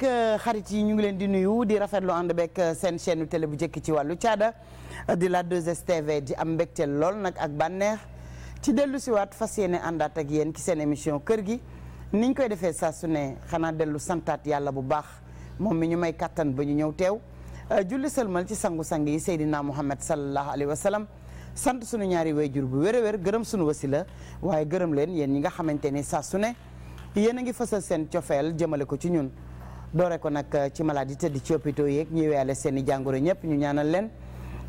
rek euh, xarit yi ñu ngi leen di nuyu di rafetlu ànd euh, seen chaîne télé bu njëkk ci wàllu caada euh, di la 2STV di am mbégte lool nag ak bànneex ci dellu fas yéene àndaat ak yéen ci seen émission kër gi niñ koy defee saa su xanaa dellu santaat yàlla bu baax moom mi ñu may kàttan ba ñu ñëw teew julli sëlmal ci sangu-sang yi Seydina Muhammad sallallahu alayhi wa sallam sant sunu ñaari wayjur bu wér a wér gërëm sunu wasila waaye gërëm leen yéen ñi nga xamante ni saa su ne yéen a ngi fësal seen cofeel jëmale ko ci ñun doo ko nag eh, ci malade yi tëdd ci hôpitaux yeeg ñuy weyale seen i jàngoro ñëpp ñu ñaanal leen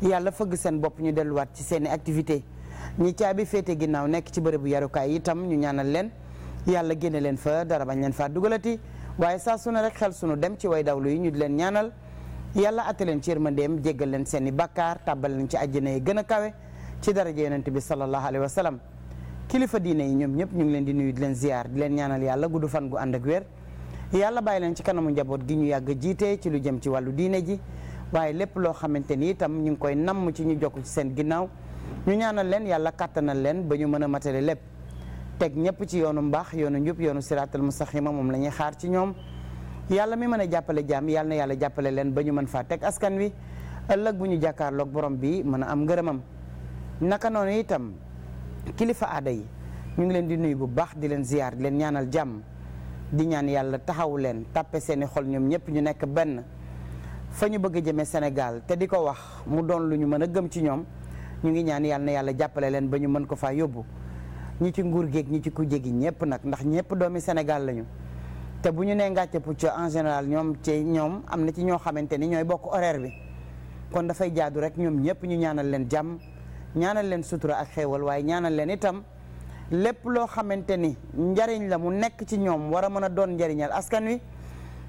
yàlla fëgg seen bopp ñu delluwaat ci seen i activité ñi caabi féete ginnaaw nekk ci bërëbu yarukaay itam ñu ñaanal leen yàlla génne leen fa dara bañ leen faa dugalati waaye saa su ne rek xel sunu dem ci way dawlu yi ñu di leen ñaanal yàlla atte leen ci yërmandeem jéggal leen seen i bakkaar tàbbal leen ci àjjana yi gën a kawe ci daraja yonent bi sallallahu alayhi wa sallam kilifa diine ñoom ñëpp ñu ngi leen nuyu di leen ziar leen ñaanal yàlla gudd fan gu ànd ak wér yàlla bàyyi leen ci kanamu njaboot gi ñu yàgg jiite ci lu jëm ci wàllu diine ji waaye lépp loo xamante ni itam ñu ngi koy nàmm ci ñu jokk ci seen ginnaaw ñu ñaanal leen yàlla kàttanal leen ba ñu mën a matale lépp teg ñëpp ci yoonu mbaax yoonu njub yoonu siraatal mustaqima moom la ñuy xaar ci ñoom yàlla mi mën a jàppale jaam yàlla na yàlla jàppale leen ba ñu mën faa teg askan wi ëllëg bu ñu jàkkaarloog borom bi mën a am ngërëmam naka noonu itam kilifa aada yi ñu ngi leen di nuyu bu baax di leen ziyaar leen ñaanal jàmm di ñaan yàlla taxawu leen tàppe seeni xol ñoom ñëpp ñu nekk benn fa ñu bëgg jëmee Sénégal te di ko wax mu doon lu ñu mën a gëm ci ñoom ñu ngi ñaan yàlla na yàlla jàppale leen ba ñu mën ko faa yóbbu ñu ci nguur géeg ñi ci ku jégi ñëpp nag ndax ñëpp doomi Sénégal lañu te bu ñu nee Ngathie Poucha en général ñoom ci ñoom am na ci ñoo xamante ni ñooy bokk horaire bi kon dafay jaadu rek ñoom ñëpp ñu ñaanal leen jàmm ñaanal leen sutura ak xéewal waaye ñaanal leen itam lépp loo xamante ni njariñ la mu nekk ci ñoom war a mën a doon njariñal askan wi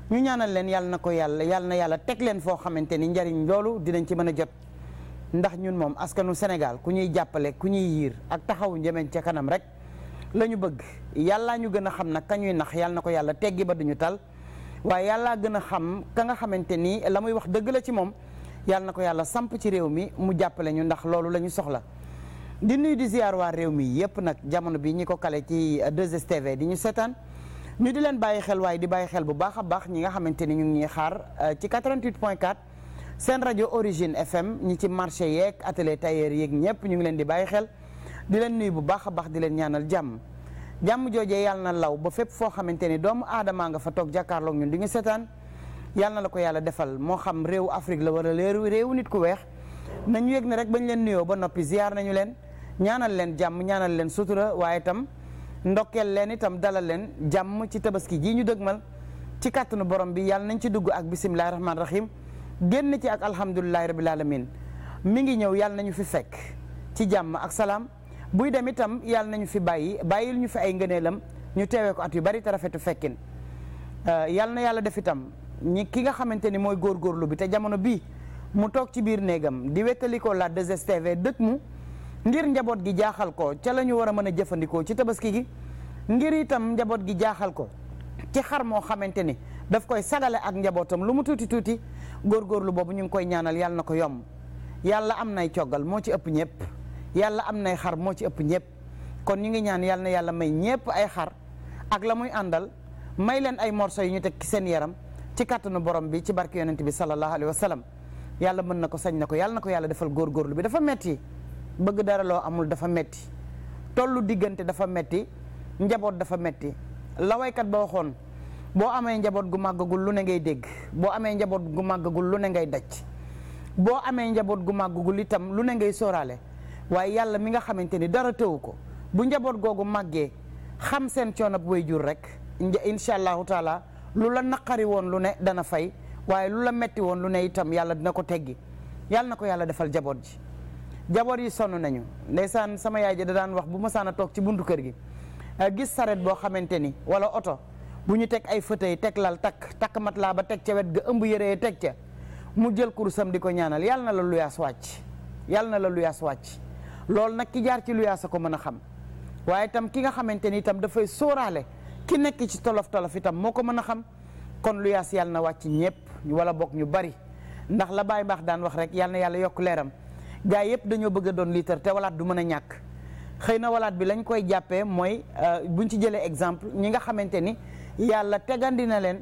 ñu ñaanal leen yàlla na ko yàlla yàlla na yàlla teg leen foo xamante ni njariñ loolu dinañ ci mën a jot ndax ñun moom askanu Sénégal ku ñuy jàppale ku ñuy yiir ak taxawu njëmeñ ca kanam rek la ñu bëgg yàllaa ñu gën a xam na ka ñuy nax yàlla na ko yàlla teggi ba duñu tal waaye yàllaa gën a xam ka nga xamante ni la muy wax dëgg la ci moom yàlla na ko yàlla samp ci réew mi mu jàppale ñu ndax loolu la ñu soxla di nuyu di ziar waa réew mi yépp nag jamono bi ñi ko kale ci euh, 2STV di ñu seetaan ñu di leen bàyyi xel waaye di bàyyi xel bu baax a baax ñi nga xamante ni ñu ngi xaar euh, ci 88 point 4 seen rajo origine FM ñi ci marché yeeg atelier tailleur yeeg ñëpp ñu ngi leen di bàyyi xel di leen nuyu bu baax a baax di leen ñaanal jàmm jàmm joojee yàlla na law ba fépp foo xamante ni doomu aadamaa nga fa toog jàkkaarloog ñun di ñu seetaan yàlla na la ko yàlla defal moo xam réewu Afrique la wala réewu nit ku weex nañu yëg ne rek bañ leen nuyoo ba noppi ziar nañu leen ñaanal leen jàmm ñaanal leen sutura waaye itam ndokkeel leen itam dalal leen jàmm ci tabaski ji ñu dëgmal ci kàttanu borom bi yàlla nañ ci dugg ak bisimilahi rahmaani rahim génn ci ak alhamdulilahi rabil alamin mi ngi ñëw yàlla nañu fi fekk ci jàmm ak salaam buy dem itam yàlla nañu fi bàyyi bàyyi lu ñu fi ay ngëneelam ñu teewee ko at yu bari te rafetu fekkin euh, yàlla na yàlla def itam ñi ki nga xamante ni mooy góorgóorlu bi te jamono bii mu toog ci biir néegam di wettalikoo la 2STV mu ngir njaboot gi jaaxal ko ca la ñu war a mën a jëfandikoo ci tabaski gi ngir itam njaboot gi jaaxal ko ci xar moo xamante ni daf koy sagale ak njabootam lu mu tuuti tuuti góorgóorlu boobu ñu ngi koy ñaanal yàlla na ko yomb yàlla am nay coggal moo ci ëpp ñëpp yàlla am nay xar moo ci ëpp ñëpp kon ñu ngi ñaan yàlla na yàlla may ñëpp ay xar ak la muy àndal may leen ay morso yu ñu teg ci seen yaram ci kàttanu borom bi ci barke yonent bi sallallahu alayhi wa sallam yàlla mën na ko sañ na ko yàlla na ko yàlla defal góorgóorlu bi dafa metti bëgg dara loo amul dafa metti tollu diggante dafa metti njaboot dafa metti la waykat ba waxoon boo amee njaboot gu màggagul lu ne ngay dégg boo amee njaboot gu màggagul lu ne ngay daj boo amee njaboot gu màggagul itam lu ne ngay soraale waaye yàlla mi nga xamante ni dara tëwu ko bu njaboot googu màggee xam seen coonab way jur rek incha allahu taala lu la naqari woon lu ne dana fay waaye lu la metti woon lu ne itam yàlla dina ko teggi yàlla na ko yàlla defal njaboot ji jaboot yi sonn nañu ndeysaan sama yaay ja da daan wax bu ma saan a toog ci buntu kër gi ah, gis saret boo xamante ni wala oto bu ñu teg ay fauteuil teg lal takk takk mat laa ba teg ca wet ga ëmb yëree teg ca mu jël kurusam di ko ñaanal yàlla na la luyaas wàcc yàlla na la luyaas wàcc loolu nag ki jaar ci luyaas a ko mën a xam waaye itam ki nga xamante ni itam dafay sooraale ki nekk ci tolof tolof itam moo ko mën a xam kon luyaas yàlla na wàcc ñëpp wala bokk ñu bari ndax la baay baax daan wax rek yàlla yàlla yokk leeram gaa yëpp dañoo bëgg doon litre te walaat du mën a ñàkk xëy na walaat bi lañ koy jàppee mooy euh, buñ ci jëlee exemple ñi nga xamante ni yàlla tegandi na leen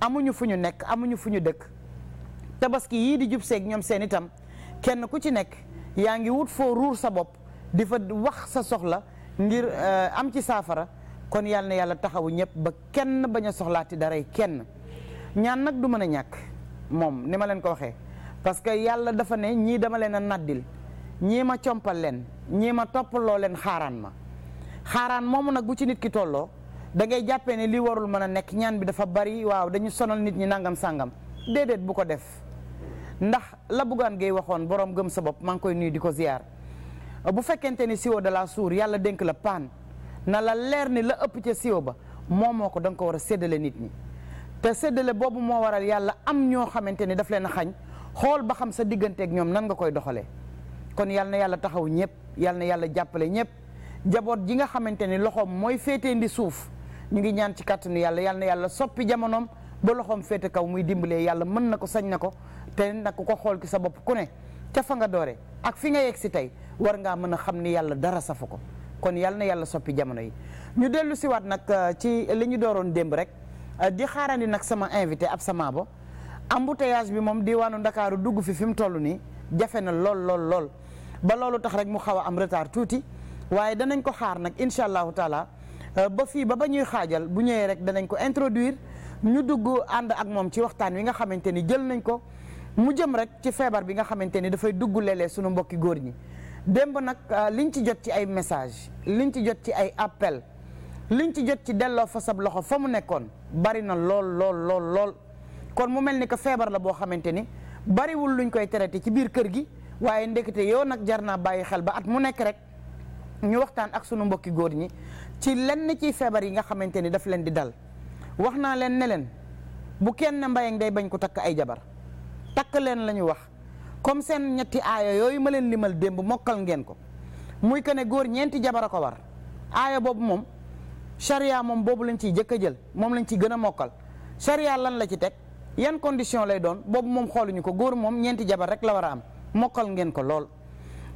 amuñu fu ñu nekk amuñu fu ñu dëkk tabaski yii di jub seeg ñoom seen itam kenn ku ci nekk yaa ngi wut foo ruur sa bopp di fa wax sa soxla ngir euh, am ci saafara kon yàlla na yàlla taxawu ñëpp ba kenn bañ a soxlaati daray kenn ñaan nag du mën a ñàkk moom ni ma leen ko waxee parce que yàlla dafa ne ñii dama leen a naddil ñii ma compal leen ñii ma toppaloo leen xaaraan ma xaaraan moomu nag bu ci nit ki tolloo da ngay jàppee ne li warul mën a nekk ñaan bi dafa bari waaw dañu sonal nit ñi nangam sàngam déedéet bu ko def ndax la buggaan ngay waxoon borom gëm sa bopp maa ngi koy nuyu di ko ziar bu fekkente ni siwo de la suur yàlla dénk la paan na la leer ni la ëpp ca siwo ba moom ko danga ko war a séddale nit ñi te séddale boobu moo waral yàlla am ñoo xamante ni daf leen a xañ xool ba xam sa diggante ak ñoom nan nga koy doxalee kon yàlla na yàlla taxaw ñëpp yal na yàlla jàppale ñëpp jaboot ji nga xamante ni loxoom mooy féete ndi suuf ñu ngi ñaan ci kàttanu yàlla yal yàlla soppi jamonoom ba loxoom féete kaw muy dimbalee yàlla mën na ko sañ na ko te nag ko xool ki sa bopp ku ne fa nga doore ak fi nga yegg si tey war ngaa mën a xam ni yàlla dara safu ko kon yal na yàlla soppi jamono yi ñu dellu siwaat nag euh, ci li ñu dooroon démb rek euh, di xaarandi nag sama invité ab sama bo embouteillage bi moom diwaanu ndakaaru dugg fi fi mu toll nii jafe na lool lool lool ba loolu tax rek mu xaw a am retard tuuti waaye danañ ko xaar nag incha allahu taala euh, ba fii ba ba ñuy xaajal bu ñëwee rek danañ ko introduire ñu dugg ànd ak moom ci waxtaan wi nga xamante ni jël nañ ko mu jëm rek ci feebar bi nga xamante ni dafay dugg léeg sunu mbokki góor ñi démb nag euh, liñ ci jot ci ay message liñ ci jot ci ay appel liñ ci jot ci delloo fa sab loxo fa mu nekkoon bari na lool lool lool lool kon mu mel ni que feebar la boo xamante ni bariwul luñ koy traité ci biir kër gi waaye ndekete yoo nag jar naa bàyyi xel ba at mu nekk rek ñu waxtaan ak sunu mbokki góor ñi ci lenn ciy feebar yi nga xamante ni daf leen di dal wax naa leen ne leen bu kenn mbayang day bañ ko takk ay jabar takk leen la ñu wax comme seen ñetti aaya yooyu ma leen limal démb mokkal ngeen ko muy que ne góor ñeenti jabar a ko war aaya boobu moom charia moom boobu lañ ciy jëkk a jël moom lañ ciy gën a mokkal charia lan la ci teg yan condition lay doon boobu moom xooluñu ko góor moom ñeenti jabar rek la war a am mokkal ngeen ko lool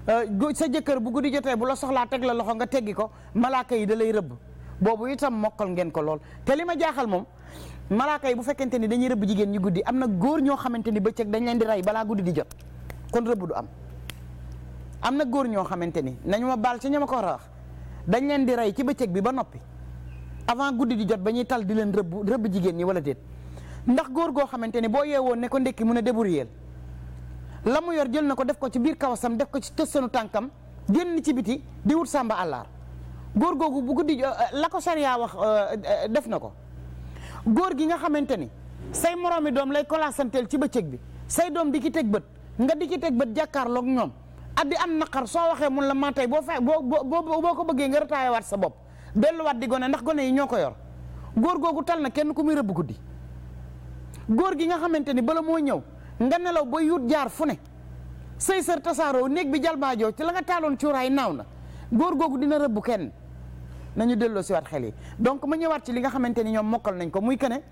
euh, sa jëkkër bu guddi jotee bu la soxlaa teg la loxo nga teggi ko malaaka yi da lay rëbb boobu itam mokkal ngeen ko lool te li ma jaaxal moom malaaka yi bu fekkente ni dañuy rëbb jigéen ñi guddi am na góor ñoo xamante ni bëccëg dañ leen di rey balaa guddi di jot kon rëbb du am am na góor ñoo xamante ni nañu ma baal ci ña ma ko war a dañ leen di rey ci bëccëg bi ba noppi avant guddi di jot ba ñuy tal di leen rëbb rëbb jigéen ñi wala déet ndax góor goo xamante ne boo yeewoon ne ko ndekki mun a débrouiller la mu yor jël na ko def ko ci biir kawasam def ko ci tëssanu tànkam génn ci biti di wut sàmba àllaar góor googu bu guddi euh, la ko sariya wax euh, euh, def na ko góor gi nga xamante ni say moroomi doom lay kolaasanteel ci bëccëg bi say doom di ci teg bët nga di ci teg bët jàkkaarloog ñoom at di am naqar soo waxee mun la maa boo fee boo boo ko bëggee nga retaayawaat sa bopp delluwaat di gone ndax gone yi ñoo ko yor góor googu tal na kenn ku muy rëbb guddi góor gi nga xamante ni bala moo ñëw nga nelaw ba yuut jaar fu ne sëy sër tasaaroo néeg bi jalbaajoo ci la nga taaloon cuuraay naaw na góor googu dina rëbb kenn nañu delloo si waat xel yi donc ma ñëwaat ci li nga xamante ni ñoom mokkal nañ ko muy kene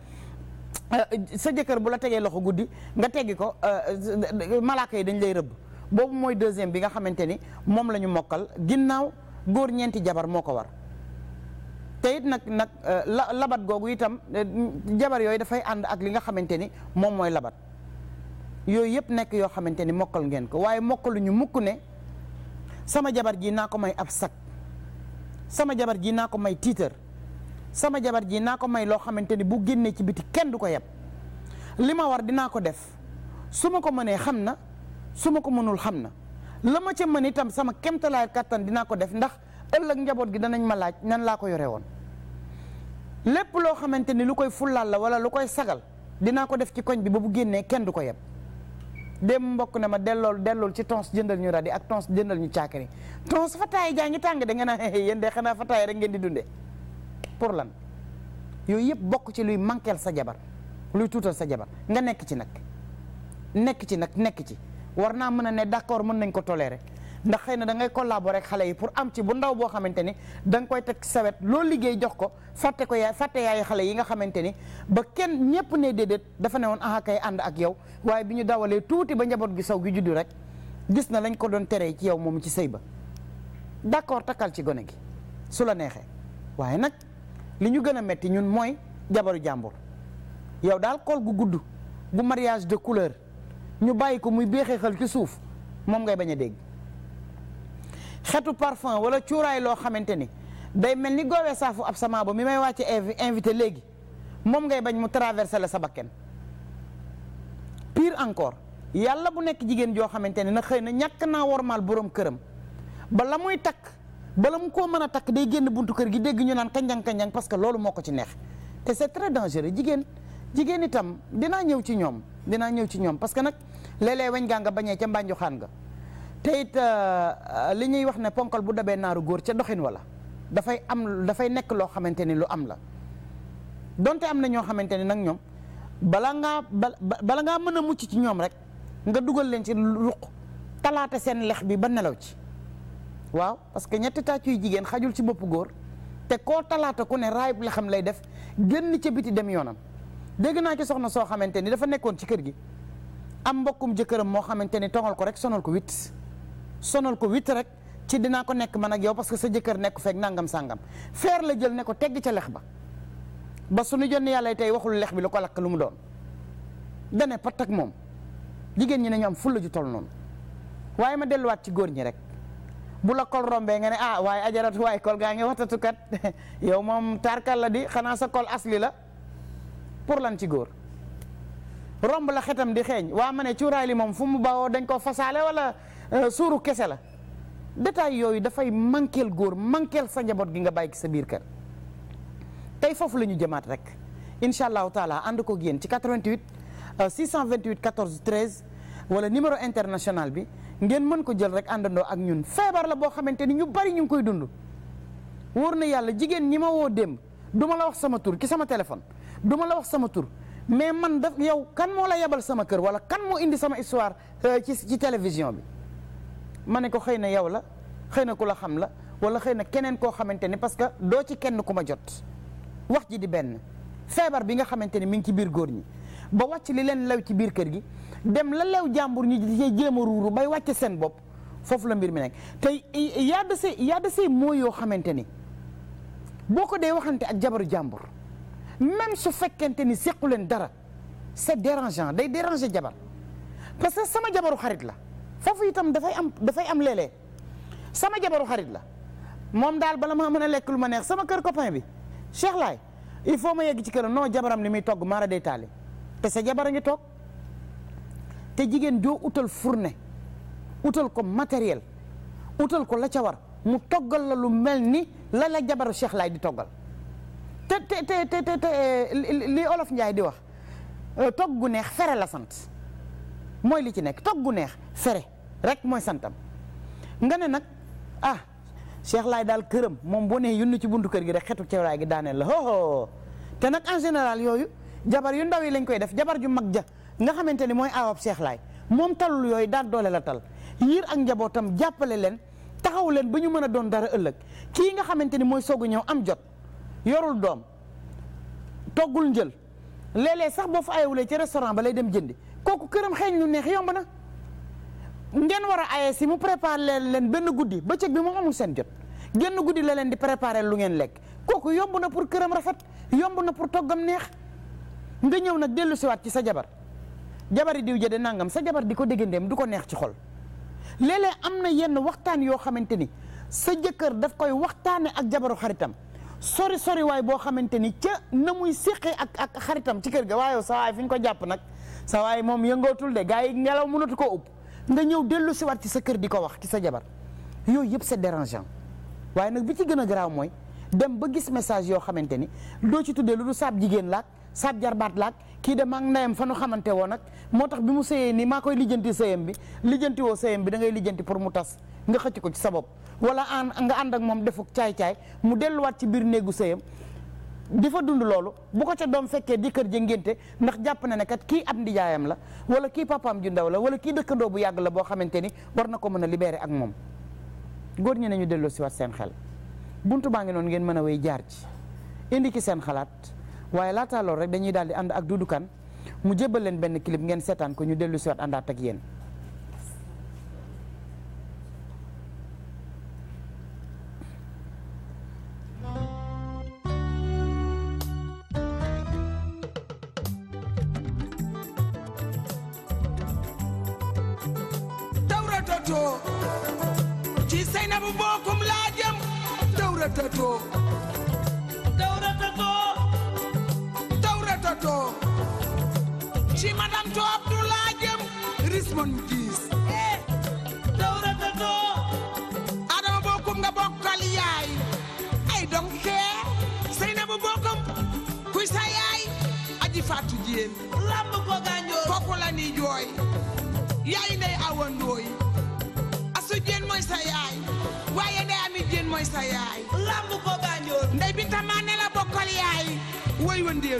euh, sa jëkkër bu la tegee loxo guddi nga teggi ko euh, malaaka yi dañ lay rëbb boobu mooy deuxième bi nga xamante ni moom la ñu mokkal ginnaaw góor ñeenti jabar moo ko war te it nag nag eh, la labat googu itam eh, jabar yooyu dafay ànd ak li nga xamante ni moom mooy labat yooyu yëpp nekk yoo xamante ni mokkal ngeen ko waaye mokkaluñu mukk ne sama jabar ji naa ko may ab sac sama jabar ji naa ko may tiitër sama jabar ji naa ko may loo xamante ni bu génnee ci biti kenn du ko yeb li ma war dinaa ko def su ma ko mënee xam na su ma ko mënul xam na la ma ca mën itam sama kemtalaay kàttan dinaa ko def ndax ëllëg njaboot gi danañ ma laaj nan laa ko yore woon lépp loo xamante ni lu koy fullaal la wala lu koy sagal dinaa ko def ci koñ bi ba bu génnee kenn du ko yeb dem mbokk ne ma dellool dellool ci tons jëndal ñu radi ak tons jëndal ñu caakiri fa fataay jaa ngi tàng da nga naan yéen de xanaa fataay rek ngeen di dunde pour lan yooyu yëpp bokk ci luy manqueel sa jabar luy tuutal sa jabar nga nekk ci nag nekk ci nag nekk ci war naa mën a ne d'accord mën nañ ko tolérer ndax xëy na da ngay collaborer ak xale yi pour am ci bu ndaw boo xamante ni danga koy teg sawet loo liggéey jox ko fàtte ko yaay fàtte yaay xale yi nga xamante ni ba kenn ñépp ne déedéet dafa ne woon aha kay ànd ak yow waaye bi ñu dawalee tuuti ba njaboot gi saw gi juddu rek gis na lañ ko doon teree ci yow moom ci sëy ba d'accord takkal ci gone gi su la neexee waaye nag li ñu gën a metti ñun mooy jabaru jàmbur yow daal kool gu gudd bu mariage de couleur ñu bàyyi ko muy béexee xel ci suuf moom ngay bañ a dégg xetu parfum wala cuuraay loo xamante ni day mel ni goowee saafu ab sama ba mi may wàcce invité léegi moom ngay bañ mu traversé la sa bakken pire encore yàlla bu nekk jigéen joo xamante ne na xëy na ñàkk naa wormaal borom këram ba la muy takk bala mu koo mën a takk day génn buntu kër gi dégg ñu naan kanjang kanjang parce que loolu moo ko ci neex te c'est très dangereux jigéen jigéen itam dinaa ñëw ci ñoom dinaa ñëw ci ñoom parce que nag léeg-léeg bañee ca mbànjoxaan nga te it euh, euh, li ñuy wax ne ponkal bu dabee naaru góor ca doxin wala dafay am dafay nekk loo xamante ni lu am la donte am na ñoo xamante ni nag ñoom bala nga bala ngaa mën a mucc ci ñoom rek nga dugal leen ci ruq talaate seen lex bi ba nelaw ci waaw parce que ñetti tàcc yu jigéen xajul ci bopp góor te koo talaata ku ne raayub lexam lay def génn ca biti dem yoonam dégg naa ci soxna soo xamante ni dafa nekkoon ci kër gi am mbokkum jëkkëram moo xamante ni tongal ko rek sonal ko witt sonal ko witt rek ci dinaa ko nekk man ak yow parce que sa jëkkër nekk feeg nangam sangam feer la jël ne ko tegg ca lex ba ba suñu jonn yàlla tey waxul lex bi lu ko lakk lu mu doon dane pat ak moom jigéen ñi ne ñu am fulla ju tol noonu waaye ma delluwaat ci góor ñi rek bu la kol rombee nga ne ah waaye ajaratu waaye kol gaa ngi watatu kat yow moom taarkal la di xanaa sa kol asli la pour lan ci góor romb la xetam di xeeñ waa ma ne cuuraay li moom Euh, suuru kese la détail yooyu dafay mankeel góor manqueel sa njaboot gi nga bàyyi sa biir kër tey foofu la ñu jëmaat rek incha allahu taala ànd ko yéen ci 88 628 14 13 wala numéro international bi ngeen mën ko jël rek àndandoo ak ñun feebar la boo xamante ni ñu bari ñu ngi koy dund wóor na yàlla jigéen ñi ma woo démb du ma la wax sama tur ki sama téléphone du ma la wax sama tur mais man daf yow kan moo la yebal sama kër wala kan moo indi sama histoire euh, ci ci télévision bi ma ne ko xëy na yow la xëy na ku la xam la wala xëy na keneen koo xamante ni parce que doo ci kenn ku ma jot wax ji di benn feebar bi nga xamante ni mi ngi ci biir góor ñi ba wàcc li leen lew ci biir kër gi dem la lew jàmbur ñi di cee jéem a ruuru bay wàcce seen bopp foofu la mbir mi nekk te yaa de see mooy yoo xamante ni boo ko dee waxante ak jabaru jàmbur même su fekkente ni sequ leen dara c'est dérangeant day déranger jabar parce que sama jabaru xarit la foofu tam dafay am dafay am léeg sama jabaru xarit la moom daal bala ma mën a lekk lu ma neex sama kër copain bi Cheikh il faut ma yegg ci këram non jabaram li muy togg maara day taali te sa jabar a ngi toog te jigéen joo utal fourne utal ko matériel utal ko la ca war mu toggal la lu mel ni la la jabaru Cheikh di toggal te te te te te li olof Njaay di wax togg gu neex fere la sant mooy li ci nekk togg gu neex fere rek mooy santam nga ne nag ah Cheikh Laay daal këram moom boo nee yunn ci buntu kër gi rek xetu cewraay gi daaneel la hoho te nag en général yooyu jabar yu ndaw yi lañ koy def jabar ju mag ja nga xamante ni mooy aawab Cheikh Laay moom talul yooyu daal doole la tal yiir ak njabootam jàppale leen taxawu leen ba ñu mën a doon dara ëllëg kii nga xamante ni mooy soog a ñëw am jot yorul doom toggul njël léeg sax boo fa ayewulee ci restaurant ba lay dem jëndi kooku këram xeeñ lu neex yomb ngeen war a aye si mu préparé leen leen benn guddi bëccëg bi mu amul seen jot genn guddi la leen di préparé lu ngeen lekk kooku yomb na pour këram rafet yomb na pour toggam neex nga ñëw nag dellu siwaat ci sa jabar jabari diw jëde nangam sa jabar di ko déggandeem du ko neex ci xol léeg-léeg am na yenn waxtaan yoo xamante ni sa jëkkër daf koy waxtaane ak jabaru xaritam sori sori waay boo xamante ni ca na muy séqee ak ak xaritam ci kër ga waaye sa waay ko jàpp nag sa waay moom yëngootul de gars yi ngelaw mënatu koo ub nga ñëw dellu si waat ci sa kër di ko wax ci sa jabar yooyu yëpp sa dérangeant waaye nag bi ci gën a garaaw mooy dem ba gis message yoo xamante ni doo ci tuddee lu du saab jigéen laak saab jarbaat laak kii de maa ngi ndeyam fa nu xamante woon nag moo tax bi mu sëyee nii maa koy lijjanti sëyam bi lijjanti woo sëyam bi da ngay lijjanti pour mu tas nga xëcc ko ci sa bopp wala an nga ànd ak moom defuk caay-caay mu delluwaat ci biir néegu sëyam di fa dund loolu bu ko ca doom fekkee di kër ngénte ndax jàpp na ne kat kii ab ndijaayam la wala kii papaam ju ndaw la wala kii dëkkandoo bu yàgg la boo xamante ni war na ko mën a libéré ak moom góor ñi nañu delloo siwaat seen xel buntu baa ngi noonu ngeen mën a wéy jaar ci indi ki seen xalaat waaye laataa loolu rek dañuy daal di ànd ak Doudou Kane mu jébbal leen benn clip ngeen seetaan ko ñu dellu si àndaat ak yéen tawratatoo ci Seynabu bokkum laa jëm tawratatoo tawratatoo tawratatoo ci madame to Abdou laa jëm rismon diis tawratatoo eh, Adama bokkum nga bokkal yaay ay donc kee Seynabu bokkum kuy sa yaay aji fàttu jéen lamb ko gaañoo kooku la ni jooy yaay ndey awandooy sa yaay lamb ko Banjool ndey bi tamaa ne la bokkal yaay woy nga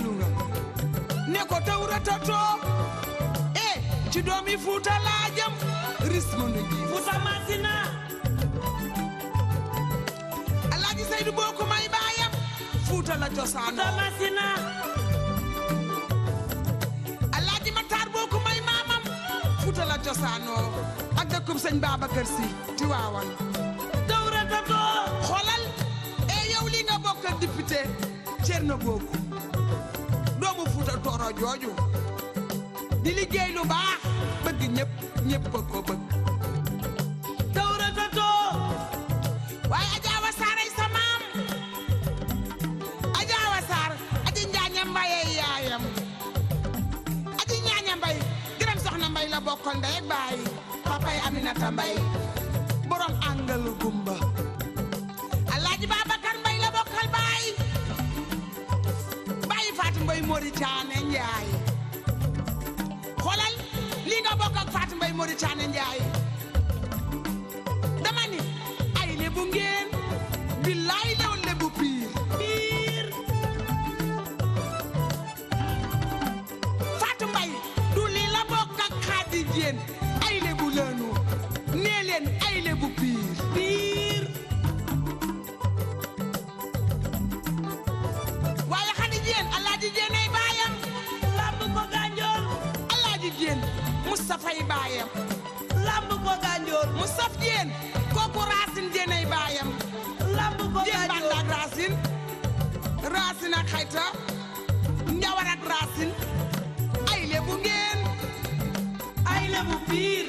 ne ko taw ratatoo eh, ci doomi Fuuta Fuuta Masina Alaaji Saydu boo Fuuta la cosaanoo Fuuta la cosaanoo ak dëkkub sëñ Babacar Si Tiwaawan xoolal e yow li nga bokk ak député Thierno doomu Fuuta Tooro di liggéey lu baax bëgg ñëpp ñëpp a waaye ajaawa saaray sa maam ajaawa aji njaaña yaayam aji njaaña mbay gërëm la bokkal ndey baay papay Aminata mel a alaaji Babacar Mbay la bokkal baay baay Fatou Mbay Mori Caane Njaay xoolal li nga bokk Mbay Mori Caane Njaay dama ni ay lebu ngeen ay baayam lamb ko gànjoor mu saf jéen kooku racine jéen ay baayam lamb ko jéen bànd ak racine ak xayta njawar ak racine ay lebu ngeen ay lebu piir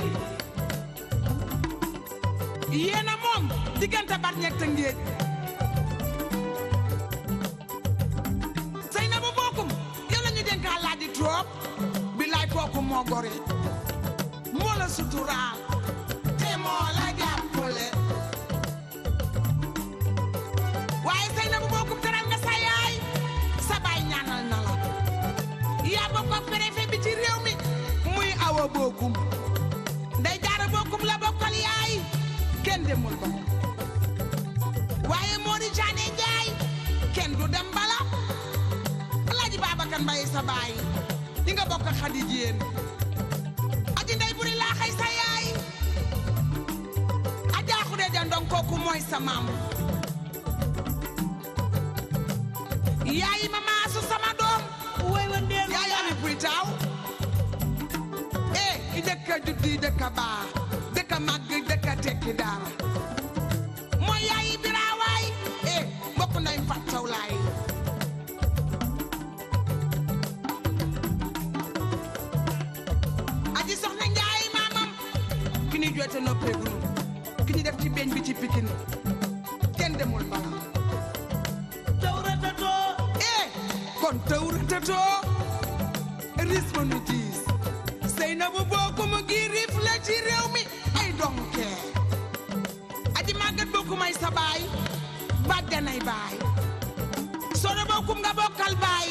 yéena moom diggante bat ñeg ta ngéej na bu bokkum yow la ñu dénk Alaaji bilaay kooku moo gore la suturaal te moo la jàppale waaye say na bu bokkum teral nga sa yaay sa ñaanal na la yaa bokk bi ci muy awa bokkum nday jaara bokkum la bokkal yaay kenn demul ba waaye moo di kenn du dem bala alaaji Babacar Mbaye sa baay yi nga bokk ak Xadi kooku mooy sa maam yaay mama su sama doom woy wa ndeel yaay ami buy taaw eh i dëkk a juddi dëkk a baa dëkk a màgg dëkk a tekki daara mooy yaay biraawaay eh mbokk nañ fàttaw laay aji soxna njaay maamam ki ni joote noppee Pikine kenn demul balaa tawratatoo eh kon tawratatoo risque nu diis Seynabou bokkuma gi rif la ci réew mi ay doomu kee aji màggat bokkumay sa baay soo ne bokkum nga bokkal baay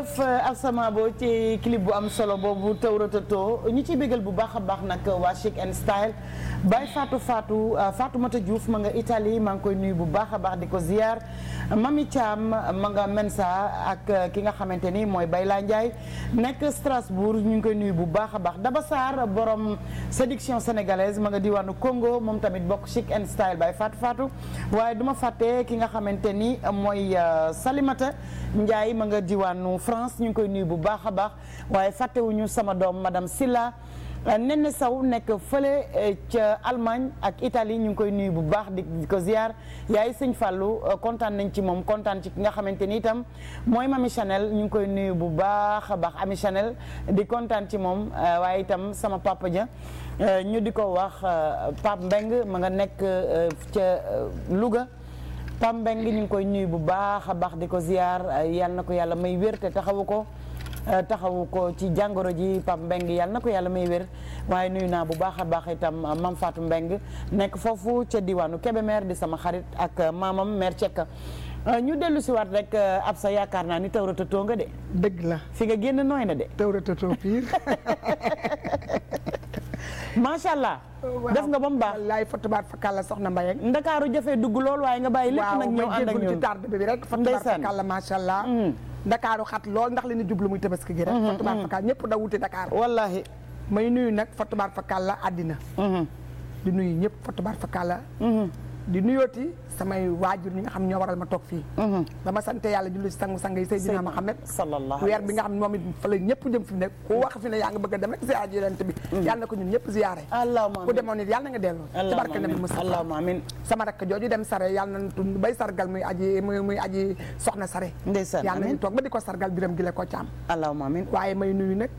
jërëjëf euh, Asama Bo ci clip bu am solo boobu taw ratato ñi ciy bégal bu baax a baax nag waa Chic and Style Baye Fatou Fatou euh, Fatoumata Diouf ma nga Italie maa ngi koy nuyu bu baax a baax di ko ziar Mami Thiam ma nga Mensa ak euh, ki nga xamante ni mooy bay Bayla Ndiaye nekk Strasbourg ñu ngi koy nuyu bu baax a baax Daba Sarr borom séduction sénégalaise ma nga diwaanu Congo moom tamit bokk Chic and Style Baye Fatou Fatou waaye du fàtte ki nga xamante ni mooy Salimata France ñu ngi koy nuyu bu baax a baax waaye fàttewuñu sama doom madame Silla euh, nen saw nekk fële euh, ca Allemagne ak Italie ñu ngi koy nuyu bu baax di ko ziar yaay sëñ Fallou euh, kontaan nañ ci moom kontaan ci ki nga xamante ni itam mooy Mami Chanel ñu ngi koy nuyu bu baax a baax Ami Chanel di kontaan ci moom waaye itam sama papa ja ñu di ko wax Pape Mbeng ma nga nekk ca Louga Pambeng ñu ngi koy nuyu bu baax a baax di ko ziar euh, yal na ko yàlla may wér te taxawu ko euh, taxawu ko ci jàngoro ji Pape Mbengue yàlla na ko yàlla may wér waaye nuyu naa bu baax a baax itam euh, Mame Fatou Mbengue nekk foofu ca diwaanu Kébémer di sama xarit ak maamam mère Cekka ñu dellu si waat rek ab sa yaakaar naa ni tawratatoo nga de. dëgg la fi nga génn nooy na de. tawratatoo pire. macha allah. def nga ba mu baax laay fa tubaab fa kàlla soxna Mbaye. ndakaaru jafee dugg lool waaye nga bàyyi lépp nag ñëw ànd ak ñoom ci bi rek fa tubaab fa kàlla macha allah. Mm. ndakaaru xat lool ndax li ñu jublu muy tabaski gi rek. Mm-hmm, fa tubaab mm-hmm. fa kàlla ñëpp da wuti Dakar. wallaahi may nuyu nag fa tubaab fa kàlla àddina. Mm-hmm. di nuyu ñëpp fa tubaab fa kàlla. di nuyooti samay waajur ñi nga xam ñoo waral ma toog fii mhm. dama sante yàlla julli ci sangu-sang yi Seydina Muhammad sallallahu weer bi nga xam moom it fa la ñëpp jëm fi mu nekk ku wax fi ne yaa nga bëgg a dem rek ziar bi mhm. yàlla na ko ñun ñëpp ziaré ku na nga delloo ci barke sama rakk jooju dem sare yàlla na tund bay sargal muy aji muy muy aji soxna sare yàlla nañu toog ba di ko sargal biram gi la ko caam allahumma waaye may nuyu nag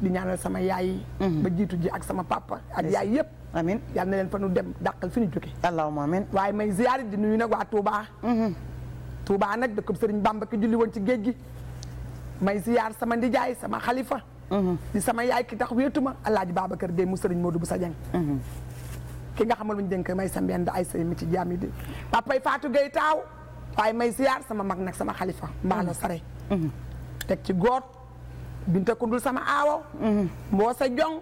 di ñaanal sama yaay mhm. ba jiitu ji ak sama papa ak yaay yëpp amiin yal na leen fa nu dem dàqal fi ñu jóge waaye may ziyaari di nuyu nag waa Touba. Mm-hmm. Touba nag dëkk Serigne Bamba ki julli woon ci géej gi may ziyaar sama ndijaay sama xalifa mm-hmm. di sama yaay ki tax wéetuma Alaaji Babacar Gueye mu Serigne Modou Boussa Dieng mm-hmm. ki nga xamal luñ dénk may sa mbend ay say mi ci jaam yi di papay Fatou Gueye taaw waaye may ziyaar sama mag nag sama xalifa mbaalo sare teg ci góor binta kundul sama aawo mboo sa jong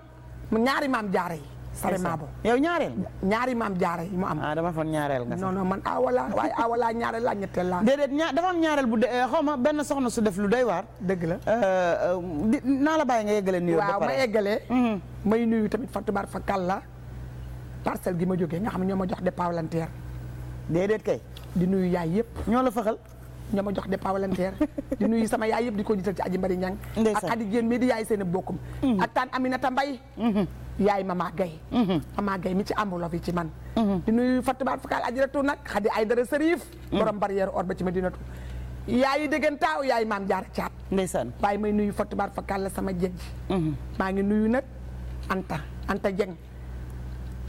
mu ñaari maam jaare pare maa bo ñaareel ñaari maam jaara yi mu am ah dama fan ñaareel nga non non man awala waaye awala ñaareel laa ñetteel laa déedéet ñaar dafa am ñaareel bu eh, xaw ma benn soxna su def lu dëgg la eh, eh, di naa la bàyyi nga yeggale nii waaw ma yeggalee mhm. may nuyu tamit fatubar fa kàlla parcelle gi ma jógee nga xam ne ñoo ma jox de palanteer déedéet kay di nuyu yaay yëpp ñoo la fëxal ñoo ma jox départ volontaire di nuyu sama yaay yëpp di ko jiital ci aji mbari ñang ak Khady Diène mii di yaay seen bokkum mhm. ak taan Aminata Mbaye mhm. yaay mama gay mhm. gay mi ci ambuloof yi ci man di nuyu fattubaat fakal ajiratu nag Khady Aïdara Serif borom barrière or ba ci Medinatu yaay dëggan taaw yaay maam jaara caat ndeysaan waaye may nuyu fattubaat fakal la sama jeg maa ngi nuyu nag Anta Anta Dieng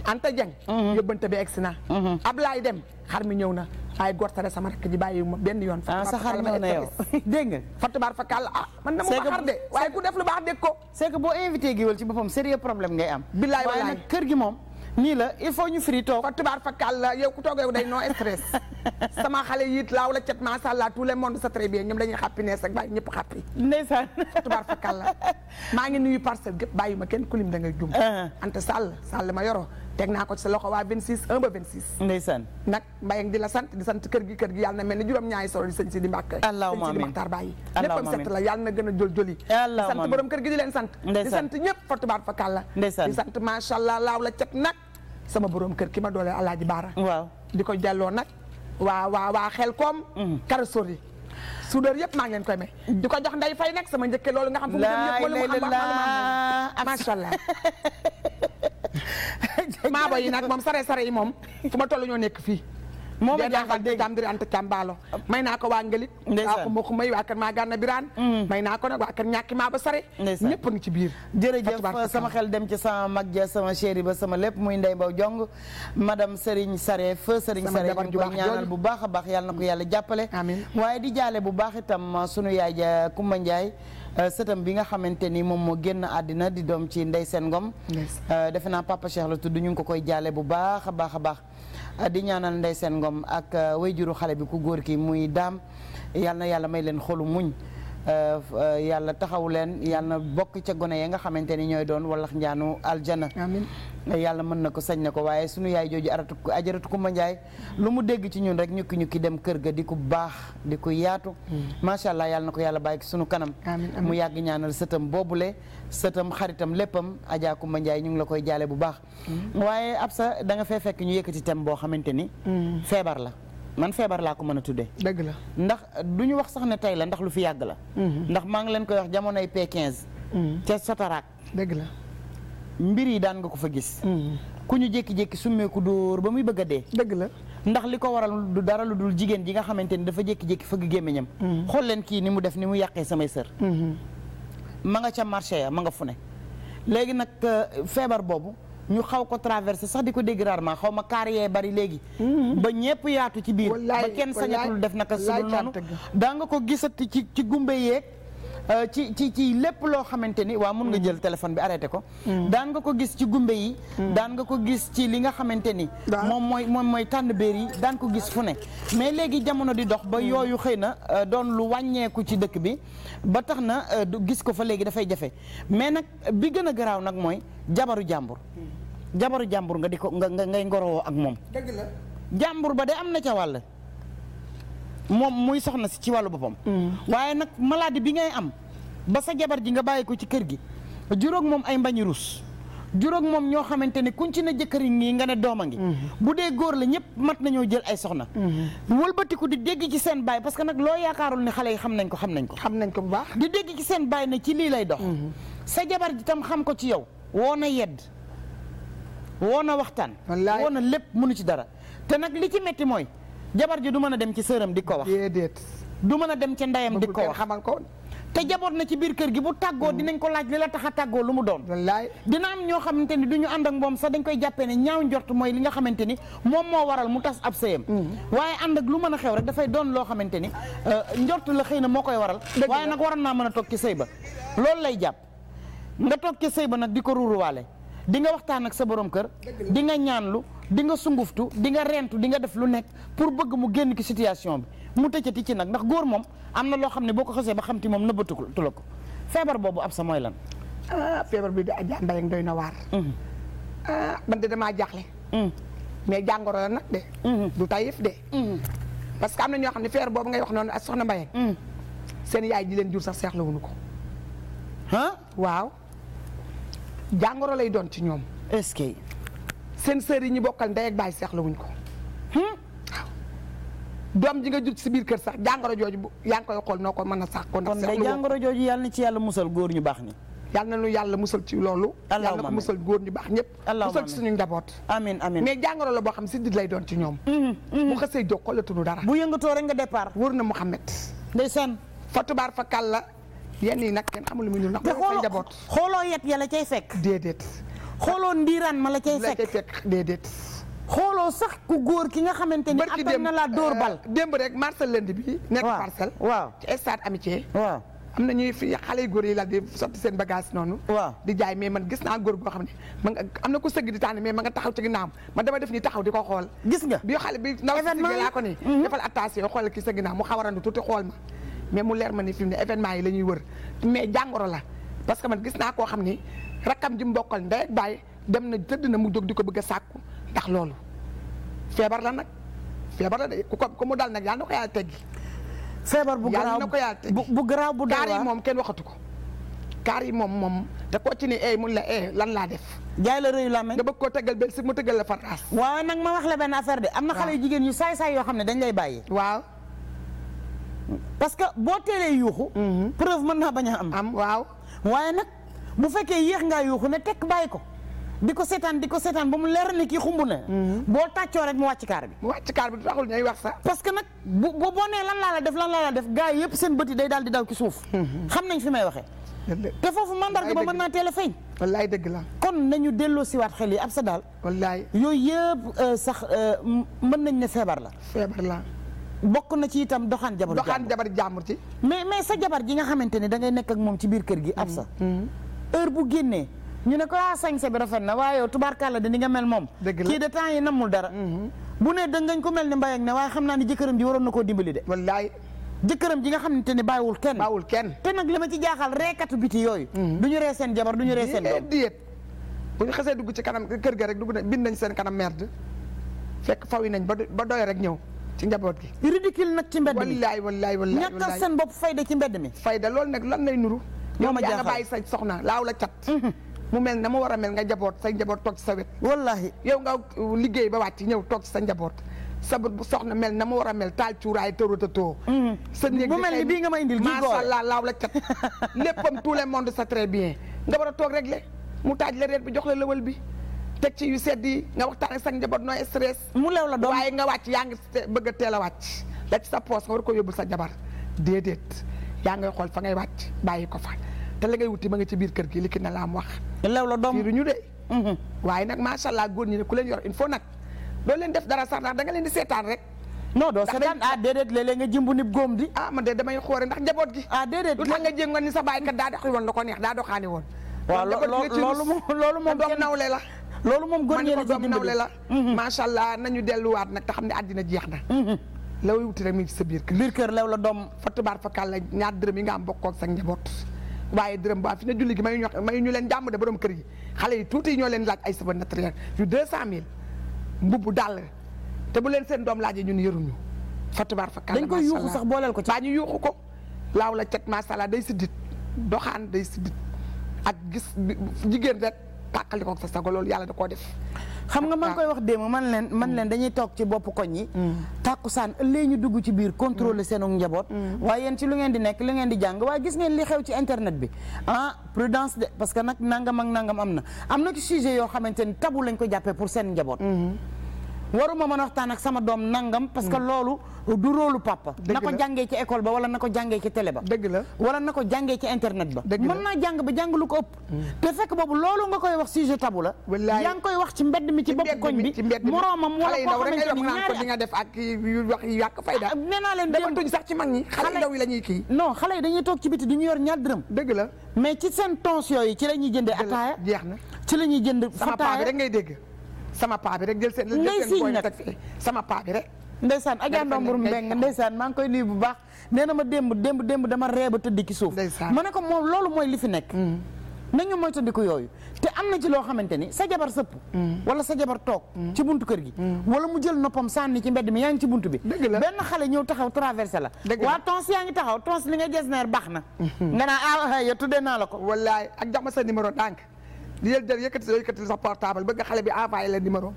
Anta Dieng mhm. yóbbante bi egsi na mhm. Ablaye dem xar mi ñëw na ay gortare sama rakk ji bàyyi ma benn yoon ah sa xar ñëw na yow dégg na ah, ma xar de waaye ku def lu baax ko c'est invité giwal ci boppam sérieux problème ngay am billaay waaye nag kër moom nii la il faut ñu firi toog fatubaar fa kàll yow ku toog yow day non stress sama xale yiit laaw la cet macha allah tout le monde sa très bien ñoom dañuy xàppi nees ak maa ngi nuyu parcelle gépp bàyyi ma kenn kulim da ngay jum uh-huh. anta sàll ma yoro teg naa ko ci sa loxo waa 26 1 ba 26. ndeysaan nag Mbayang di la sant di sant kër gi kër gi yàlla na mel ni juróom-ñaari solo di sëñ si di Mbàkke. allahumma amiin sëñ si di Maxtaar Baye. allahumma amiin léppam set la yàlla na gën a jol joli. di sant borom kër gi di leen sant. di sant ñëpp fortubaat fa kàlla. ndeysaan di sant macha allah laaw la cet nag. sama boroom kër ki ma doole Alaaji Baara. waaw di ko jàlloo nag. waa waa waa xel koom. Mm-hmm. karasor yi. suudar yëpp maa ngi leen koy may di ko jox nday fay nag sama njëkke loolu nga xam fu mu jëm yëpp wala maa yi nag moom sare sare yi moom fu ma toll ñoo nekk fii moom a jaaxal dégg tam diri anta cambaalo may naa ko waa ngelit waa ko moo ko may waa kan maa gànna biraan mm. may naa ko nag waa kan ñàkki maa ba sare ñëpp ngi ci biir jërëjëf sama xel dem ci sama mag ja sama chéri ba sama lépp muy Ndey Mbaw Jong madame Serigne Sare feu Serigne Sare ñu ngi ñaanal bu baax a baax yàlla na ko yàlla jàppale amiin waaye di jaale bu baax itam sunu yaay ja Kumba Ndiaye Euh, sëtam bi nga xamante ni moom moo génn àddina di doom ci Ndeye Sène Ngom euh, defe naa Papa Cheikh la tudd ñu ko koy jaale bu baax a baax a baax euh, di ñaanal Ndeye Sène Ngom ak wayjuru xale bi ku góor ki muy daam yal na yàlla may leen xolu muñ Euh, euh, yàlla taxawu leen yàlla bokk ca gone ya nga xamante ni ñooy doon walax njaanu aljana amiin yàlla mën na ko sañ na ko waaye sunu yaay jooju aratu ajaratu Kumba Njaay lu mu dégg ci ñun rek ñukki ñukki dem kër ga di ko baax di ko yaatu hmm. macha allah yàlla na ko yàlla bàyyi sunu kanam mu yàgg ñaanal sëtam le sëtam xaritam léppam ajaa Kumba Njaay ñu ngi la koy jaale bu baax hmm. waaye ab sa da nga fee fekk ñu yëkkati tem boo xamante ni hmm. feebar la man feebar laa ko mën a tuddee. dëgg la ndax du ñu wax sax ne tey la ndax lu fi yàgg la. Mhm. ndax maa ngi leen koy wax jamonoy P15. Mhm. ca Sotaraak. dëgg la mbir yi daan nga ko fa gis. Mhm. ku ñu jékki-jékki summeeku dóor ba muy bëgg a dee. dëgg la ndax li ko waral du dara lu dul jigéen ji nga xamante ni dafa jékki-jékki fëgg gémmiñam. xool leen kii ni mu def ni mu yàqee samay sër. ma nga ca marché ya ma nga fu ne léegi nag euh, feebar boobu. ñu xaw ko traversé sax di ko dégg rarement xaw ma kaar yee bari léegi mm-hmm. ba ñëpp yaatu ci biir ba kenn sañatul def na naka sudul noonu daa nga ko gisati ci ci gumbe yeeg Euh, ci ci ci lépp loo xamante ni waa mun nga mm. jël téléphone bi arrêté ko mm. daan nga ko gis ci gumbe yi mm. daan nga ko gis ci li nga xamante ni moom mooy moom mooy tànn béer yi daan ko gis fu ne mais léegi jamono di dox ba yooyu xëy na euh, doon lu wàññeeku ci dëkk bi ba tax na euh, gis ko fa léegi dafay jafe mais nag bi gën a garaaw nag mooy jabaru jàmbur jabaru jàmbur nga di ko nga ngay ngorowoo ak moom dëgg la jàmbur ba de am na ca wàll moom muy soxna si ci wàllu boppam. Mm. waaye nag maladie bi ngay am ba sa jabar ji nga bàyyi ko ci kër gi juróog moom ay mbañi ruus juróog moom ñoo xamante ne kuñ ci na jëkkëriñ nii nga ne doom a ngi. Mm. bu dee góor la ñëpp mat nañoo jël ay soxna. Mm. wëlbatiku di dégg ci seen baay parce que nag loo yaakaarul ne xale yi xam nañ ko xam nañ ko. xam nañ ko bu baax di dégg ci seen baay ne ci lii lay dox. Mm-hmm. sa jabar ji tam xam ko ci yow. woo na yedd woo na waxtaan. woo na lépp mënu ci dara te nag li ci metti mooy. jabar ji du mën a dem ci sëram di ko wax. déedéet. du mën a dem ci ndeyam di ko wax xamal ko. te jaboot na ci biir kër gi bu tàggoo mm. dinañ ko laaj li la tax a tàggoo lu mu doon dina am ñoo xamante ni du ñu ànd ak moom sax dañ koy jàppee ne ñaaw njort mooy li nga xamante ni moom moo waral mu tas ab sëyam mm. waaye ànd ak lu mën a xew rek dafay doon loo xamante ni euh, njort la xëy na moo koy waral waaye nag waroon naa mën a toog ci sëy ba loolu lay jàpp nga toog ci sëy ba nag di ko ruuruwaale di nga waxtaan ak sa borom kër di nga ñaanlu di nga sunguftu di nga rentu di nga def lu nekk pour bëgg mu génn ki situation bi mu tëccati ci nag ndax góor moom am na loo xam ne boo ko xasee ba xam ti moom nëbbatu la ko feebar boobu ab sa mooy lan. ah feebar bi di Adja Mbaye doy na waar. Mhm. ah man de damaa jaaxle. Mhm. mais jàngoro la nag de. Mhm. du tayif de. parce que am na ñoo xam ne feebar boobu ngay wax noonu ak soxna Mbaye. seen yaay ji leen jur sax seexlawuñu ko. ah waaw jàngoro lay doon ci ñoom. seen sër yi ñu bokkal ndey ak baay seexla wuñ ko hmm? waaw doom ji nga jut si biir kër sax jàngoro jooju bu yaa ngi koy xool noo ko mën a sax ko ndax seexla kon jàngoro yàlla na ci yàlla musal góor ñu baax ñi yàlla na nu yàlla musal ci loolu yàlla na ko musal góor ñu baax ñëpp musal ci suñu njaboot amiin amiin mais jàngoro la boo xam si dit lay doon ci ñoom mm-hmm, mm-hmm. bu xasee jóg xoolatuñu dara bu yëngatoo rek nga départ wóor na Mouhamed ndeysaan fa tubaar fa la yenn yi nag kenn xamul lu muy nul ndax xooloo yet yàlla cay fekk xooloo ndiiraan ma la cay fekk déedéet. xooloo sax ku góor ki nga xamante ni attan na laa dóor bal euh, démb rek marcel lënd bi nekk parcelle waaw ci stade amitié waaw am na ñuy fi xale yu góor yi la di sotti seen bagage noonu waaw di jaay mais man gis naa góor goo xam ne ma nga am na ku sëgg di tànn mais ma nga taxaw ci ginnaaw ma dama def ni taxaw di ko xool gis nga bi xale bi ndaw si laa ko ni mhm. defal attention xoolal ki sa ginnaaw mu xaw a randu tuuti xool ma mais mu yi la ñuy wër mais jàngoro la parce que man gis naa koo xam ni rakkam ji mbokkal ndey ak baay dem na tëdd na mu jóg di ko bëgg a sàkku ndax loolu feebar la nag feebar la de ku ko ku mu dal nag yàlla na ko yàlla teggi feebar bu garaaw na ko yàlla teggi bu garaaw bu kaar moom kenn waxatu ko kaar yi moom moom te koo ci ne eey eh, mun la eey eh, lan laa def jaay la rëyu làmmiñ nga bëgg koo tegal benn si mu tegal la faraas waaw nag ma wax la benn affaire de am na ah. xale yu jigéen ñu saay-saay yoo xam ne dañ lay bàyyi waaw parce que boo teelee yuuxu mm-hmm. mën a am am waaw bu fekkee yéex ngaa yuuxu ne tekk bàyyi ko di ko seetaan di ko seetaan ba mu leer ne kii xumb na mhm. boo tàccoo rek mu wàcc kaar bi mu wàcc kaar taxul ñooy wax sax parce que nag bu boo nee lan laa la def lan laa def gars yi yëpp seen bët yi day daal di daw ci suuf mhm. xam nañ fi may waxee te foofu mandarga ba mën naa teel a feeñ wallaay dëgg la kon nañu delloo siwaat xel yi ab sa daal wallaay yooyu yëpp euh, sax euh, mën nañ ne feebar la feebar la bokk na ci itam doxaan jabar doxaan jabar jàmbur ci mais mais sa jabar ji nga xamante ne da ngay nekk ak moom ci biir kër gi ab sa mhm. heure bu génnee ñu ne ko yaa ah, sañse bi rafet na waaye yow la de ni nga mel moom kii de temps yi namul dara mm-hmm. bu ne dëngañ ko mel ni mbay ak ne waaye xam naa ni jëkkëram ji waroon na koo dimbali de wallaay jëkkëram ji nga xam ne bàyyiwul kenn bàyyiwul kenn te nag li ma ci jaaxal reekatu biti yooyu mm-hmm. du ñu ree seen jabar du ñu ree seen doom bu ñu xasee dugg ci kanam kër ga rek dugg na bind nañ seen kanam merde fekk faw yi nañ ba doy rek ñëw ci njaboot gi ridicule nag ci mbedd mi wallaay wallaay wallaay ñàkkal seen bopp fayda ci mbedd mi fayda loolu nag lan lay nuru ñoo ma jaaxal nga bàyyi soxna laaw la cat. Mhm. mu mel na mu war a mel nga jaboot sa jaboot toog ci sa wet. wallaahi yow nga liggéey ba wàcc ñëw toog ci sa njaboot. sa soxna mel na mu war a mel taal cuuraay tëróotatoo. Mhm. sa néeg bu mel ni bii nga ma indil. macha allah laaw la cat. léppam tout le monde c'est très bien. nga war a toog rek le mu taaj la reet bi jox la lëwal bi. teg ci yu sedd yi nga waxtaan ak sa njaboot nooy stress. mu lew la doom waaye nga wàcc yaa ngi bëgg a teel a wàcc. la ci sa poos nga war ko yóbbul sa jabar déedéet yaa ngay xool fa ngay wàcc bàyyi ko fa. te la ngay wuti ma nga ci biir kër gi li ki na la am wax. lew la doom fiiruñu de. Mm-hmm. waaye nag macha allah góor ñi ne ku leen yor il faut nag doo leen def dara sax ndax da nga leen di seetaan rek. non doo seetaan ah déedéet léeg-léeg nga jëmbu nib góom di. ah man de damay xoore ndax njaboot gi. ah déedéet lu tax ni sa baay kat daa doxi woon la ko neex daa doxaani woon. waaw loolu moom loolu moom doom nawle la. loolu moom góor ñi la nawle la. Mm-hmm. macha allah nañu delluwaat nag te xam ne addina jeex na. Mm-hmm. laway wuti rek mi ci sa biir kër. biir kër la doom fa tubaar fa kàlla ñaar dërëm yi nga am bokkoog sa njaboot waaye dërëm baa fi ne julli gi mayu ñu mayu ñu leen jàmm de borom kër yi xale yi tuuti ñoo leen laaj ay saba naturel yu deux cent mille mbubb dàll te bu leen seen doom laajee ñun yëruñu fatubaar fa dañ koy yuuxu sax booleel ko ci baa ñu yuuxu ko laaw la cet masala day siddit doxaan day siddit ak gis jigéen rek tàqali ko sa sago loolu yàlla da koo def xam nga man koy wax démb man leen man leen dañuy toog ci bopp koñ yi mm. saan ëllëg ñu dugg ci biir contrôler mm. seenu njaboot mm. waaye yéen ci lu ngeen di nekk lu ngeen di jàng waaye gis ngeen li xew ci internet bi ah prudence de parce que nag nangam ak nangam am na am na ci sujet yoo xamante ni tabu lañ ko jàppee pour seen njaboot mm-hmm. waruma mën a waxtaan ak sama doom nangam parce que mm. loolu du rôlu papa na ko jàngee ci école ba wala na ko jàngee ci télé ba la wala na ko jàngee ci internet ba mën naa jàng ba jàng lu ko ëpp mm. te fekk boobu loolu nga koy wax sujet tabu la yaa ngi koy wax ci mbedd mi ci bopp koñ bi moroomam wala koo xamante ni ñaari di nga def ak wax yàq fayda ah, nee naa leen dama tuñ sax ci mag ñi xale yu ndaw yi kii non xale dañuy toog ci biti du ñu yor ñaar dërëm dëgg la mais ci seen tension yi ci la ñuy jëndee ataaya jeex na ci la ñuy jënd fataaya rek ngay dégg sama paa bi rek jël seen. jël seen booy teg fii saan paa bi rek. ndeysaan Adja Ndombour Mbeng ndeysaan maa ngi koy nuyu bu baax nee na ma démb démb démb dama reeba tëdd ki suuf. ma ne ko moom loolu mooy li fi nekk. Mm. nañu moytandiku yooyu te am na ci loo xamante ni sa jabar sëpp mm. wala sa jabar toog mm. ci buntu kër gi wala mu jël noppam sànni ci mbedd mi yaa ngi ci bunt bi benn xale ñëw taxaw traversé la waa tons yaa ngi taxaw tons li nga ges gesneer baax na mm-hmm. nga naa ah, ah yow tuddee naa la ko wallaay ak jox ma sa numéro dànk di jël jël yëkkati yëkkati sa portable bëgg xale bi envoyé la numéro.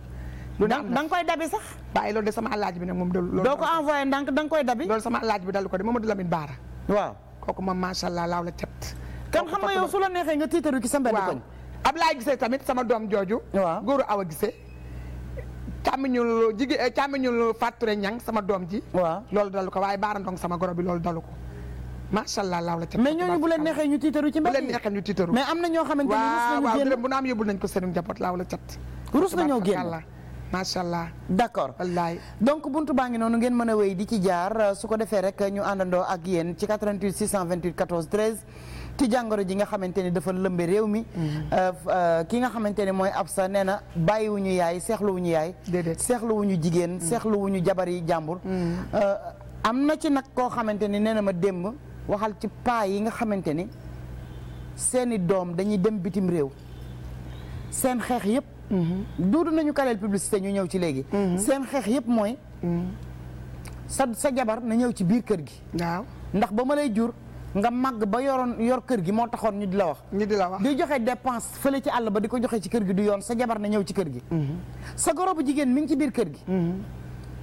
lu da nga koy dabi sax. bàyyi loolu de sama laaj bi nag moom. loolu doo ko envoyé ndànk da nga koy dabi. loolu sama laaj bi dalu ko de Mamadou Lamine Baara. waaw kooku moom macha allah laaw la cat. kon xam nga yow su la neexee nga tiitaru ci sa mbedd koñ. Ablaye gise tamit sama doom jooju. waaw góoru Awa Gisee. càmmiñul jigéen eh, càmmiñul Fatou Touré Niang sama doom ji. waaw loolu dalu ko waaye Baara Ndong sama goro bi loolu dalu ko. macha allah laaw la ca bu leen neexee ñu tiitaru ci mbedd bu leen neexee ñu tiitaru mais am na ñoo xamante ni rus nañu génn waaw bu naam yóbbul nañ ko seen macha allah d' accord wallaay donc bunt baa ngi noonu ngeen mën a wéy di ci jaar euh, su ko defee rek ñu àndandoo ak yéen ci 88 628 14 13 ci jàngoro ji nga xamante ni dafa lëmbe réew mi mm. euh, euh, ki nga xamante ni mooy Absa nee na bàyyiwuñu yaay seexluwuñu yaay seexluwuñu jigéen mm. seexluwuñu jabar yi jàmbur mm. am na ci nag koo xamante ni nee na ma démb waxal ci paa yi nga xamante ni seeni doom dañuy dem bitim réew seen xeex yëpp duudu nañu kaleel publicité ñu ñëw ci léegi seen xeex yëpp mooy sa sa jabar na ñëw ci biir kër gi waaw ndax ba ma lay jur nga màgg ba yoroon yor kër gi moo taxoon ñu di la wax ñu di wax di joxe dépense fële ci àll ba di ko joxe ci kër gi du yoon sa jabar na ñëw ci kër gi mm-hmm. sa goro jigéen mi ci biir kër gi mm-hmm.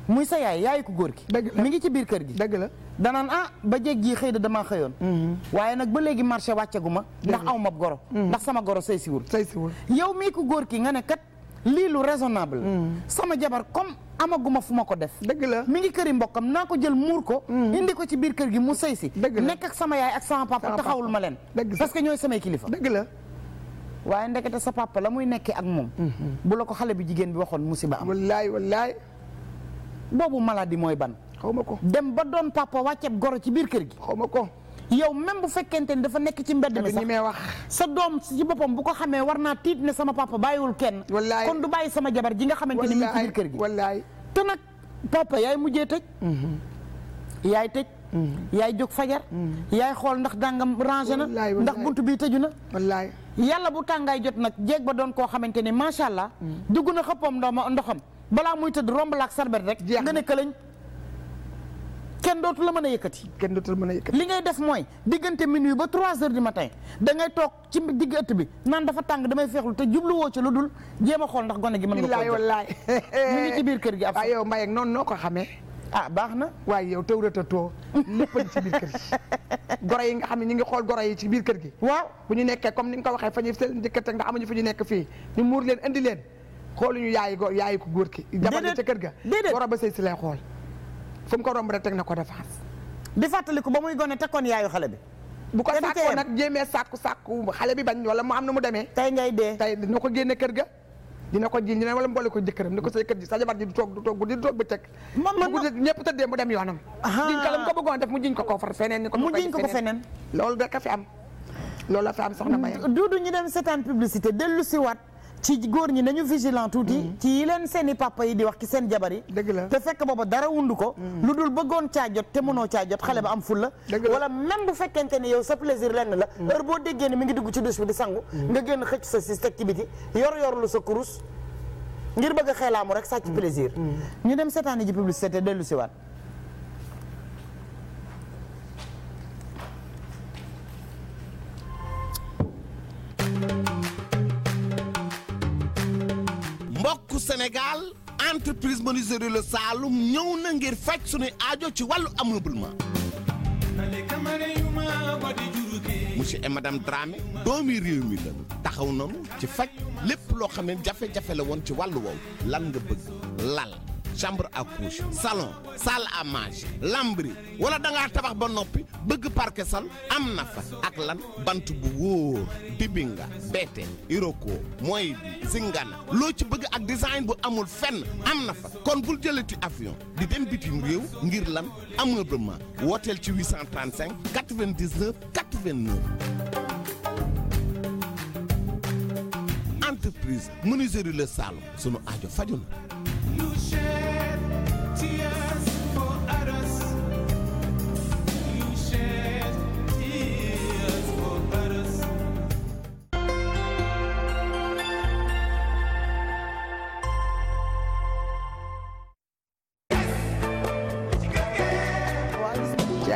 muy sa yaay yaayu ko góor gi. dëgg mi ngi ci biir kër gi. dëgg la danaan ah ba jéeg ji xëy da damaa xëyoon. Mm-hmm. waaye nag ba léegi marché wàccagu ma. ndax aw ma goro. Mm-hmm. ndax sama goro say siwul. say siwul yow mii ko góor ki nga ne kat lii lu raisonnable. Mm-hmm. sama jabar comme amaguma fu ma ko def. dëgg la mi ngi këri mbokkam naa ko jël muur ko. indi ko ci biir kër gi mu say si. dëgg la nekk ak sama yaay ak sama papa taxawul ma leen. dëgg parce que ñooy samay kilifa. dëgg la. waaye ndekete sa papa la muy nekkee ak moom. bu la ko xale bi jigéen bi waxoon musiba am. wallaay wallaay boobu maladie mooy ban. xaw ma ko dem ba doon papa ceeb goro ci biir kër gi. xaw ma ko. yow même bu fekkente ni dafa nekk ci mbedd mi sax wax sa doom ci boppam bu ko xamee war naa tiit ne sama papa bàyyiwul kenn. wallaay kon du bàyyi sama jabar ji nga xamante ni mu ci biir kër gi. wallaay te nag papa yaay mujjee tëj. Mhm. yaay tëj. Mhm. yaay jóg fajar. Mhm. yaay xool ndax dangam rangé na. ndax buntu bi tëju na. wallaay yàlla bu tàngaay jot nag jéeg ba doon koo xamante ni macha allah. dugg na xëppam ndoxam. balaa muy tëdd romb la ak sarbet rek. nga ne këlañ kenn dootu la mën a yëkkati. kenn dootu la mën a yëkkati. li ngay def mooy diggante wi ba 3 heures du matin da ngay toog ci digg ëtt bi naan dafa tàng damay feexlu te jubluwoo ci lu dul jéem a xool ndax gone gi. mën nga ko mu biir kër gi. ab waaw yow Mbaye noonu noo ko xamee. ah baax na waaye yow tew rata too lépp ci biir kër gi goro yi nga xam ne ñu ngi xool goro yi ci biir kër gi waaw bu ñu nekkee comme ni nga waxee fa ñuy seen njëkk teg ndax amuñu ñu nekk fii ñu muur leen indi leen xooluñu yaayi go yaayi ko góor ki. jabar ja ca kër ga. borom ba sëy si lay xool fu mu ko romb rek teg na ko défense. ba muy gone teg kon mu na mu demee. tey ngay dee ko génne kër ga. dina ko ji sa jabar ji du toog du toog dem yoonam ah. jiñ ko la mu ko bëggoon def mu jiñ ko ko far feneen ni ko mu jiñ loolu rek fi am loolu fi am soxna Mbaye Doudou ñu dem seetaan publicité dellu si waat ci góor ñi nañu vigilant tuuti. Mm. ci yi leen seen i yi di wax ci seen jabar yi. dëgg la te fekk booba dara wundu ko. Mm. lu dul bëggoon caa jot te mënoo mm. caa jot xale ba am ful la. wala même bu fekkente ne yow sa plaisir lenn la. heure boo déggee ni mi ngi dugg ci douche bi di sangu. nga génn xëcc sa si teg ci biti yor-yor sa kurus. ngir bëgg a xeelaamu rek sàcc plaisir. ñu dem seetaani ji publicité dellu si waat. thank you mbokku Sénégal entreprise menuiserie Le Saloum ñëw na ngir faj suñuy aajo ci wàllu ameublement monsieur et madame Dramé doomi réew mi la taxaw nanu ci faj lépp loo xam ne jafe-jafe la woon ci wàllu woowu lan nga bëgg lal chambre à coucher salon salle à lambri wala da ngaa tabax ba noppi bëgg parquet sal am na fa ak lan bant bu wóor bibinga beete iroko mooy bi loo ci bëgg ak design bu amul fenn am na fa kon bul jëlati avion di dem bitim réew ngir lan ameublement wooteel ci 835 99 89 entreprise menuiserie Le Saloum sunu aajo faju na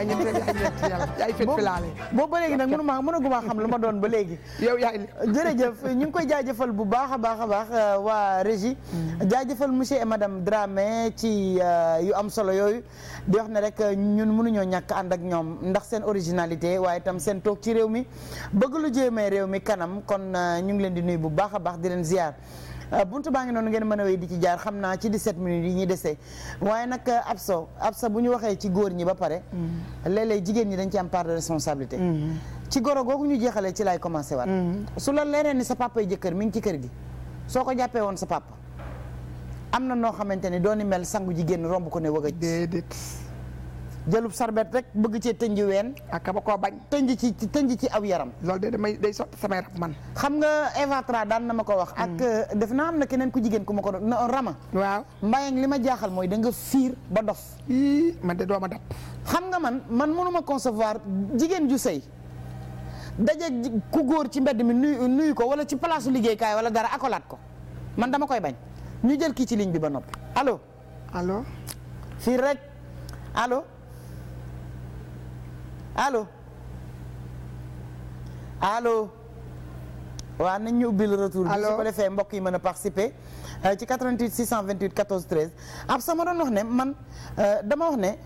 yaay ñett yaay ñett yàlla yaay fet filaale boobu ba léegi nag mënu maa mënagu ma xam lu ma doon ba léegi yow yaay jërëjëf ñu ngi koy jaajëfal bu baax a baax a baax euh, waa régie mm. jaajëfal monsieur et madame Dramé ci euh, yu am solo yooyu di wax na rek euh, ñun mënuñoo ñàkk ànd ak ñoom ndax seen originalité waaye itam seen toog ci réew mi bëgg lu jéemee réew mi kanam kon ñu ngi leen di nuyu bu baax a baax di leen ziar Euh, buntu baa ngi noonu ngeen mën a wéy di ci jaar xam naa ci 17 minutes yi ñuy desee waaye nag Absa euh, Absa bu ñu waxee ci góor ñi ba pare mm-hmm. léeg jigéen ñi dañ ci am part de responsabilité mm-hmm. ci goro googu ñu jeexalee ci laay commencé waat mm-hmm. su la leeree ni sa papa yi jëkkër mi ngi ci kër gi soo ko jàppee woon sa papa am na noo xamante ne dooni mel sangu jigéen romb ko ne wëgëj déedéet jëlub sarbet rek bëgg cee tënji ween ak ba koo bañ tënji ci tënji ci aw yaram loolu de damay day sotti samay rab man xam nga évatra daal na ma ko wax ak mm. euh, def naa am na keneen ku jigéen ku ma ko doon rama waaw mbayang li ma jaaxal mooy da nga fiir ba dof man de dooma dab xam nga man man mënuma concevoir jigéen ju sëy daje ku góor ci mbedd mi nuyu nuyu ko wala ci palaasu liggéeykaay wala dara akolaat ko man dama koy bañ ñu jël kii ci ligne bi ba noppi allo allo allo allo waa nañ ñëw ubbil retour bi su ko defee mbokk yi mën a participer euh, ci 88 628 14 13 ab sama doon wax ne man euh, dama wax ne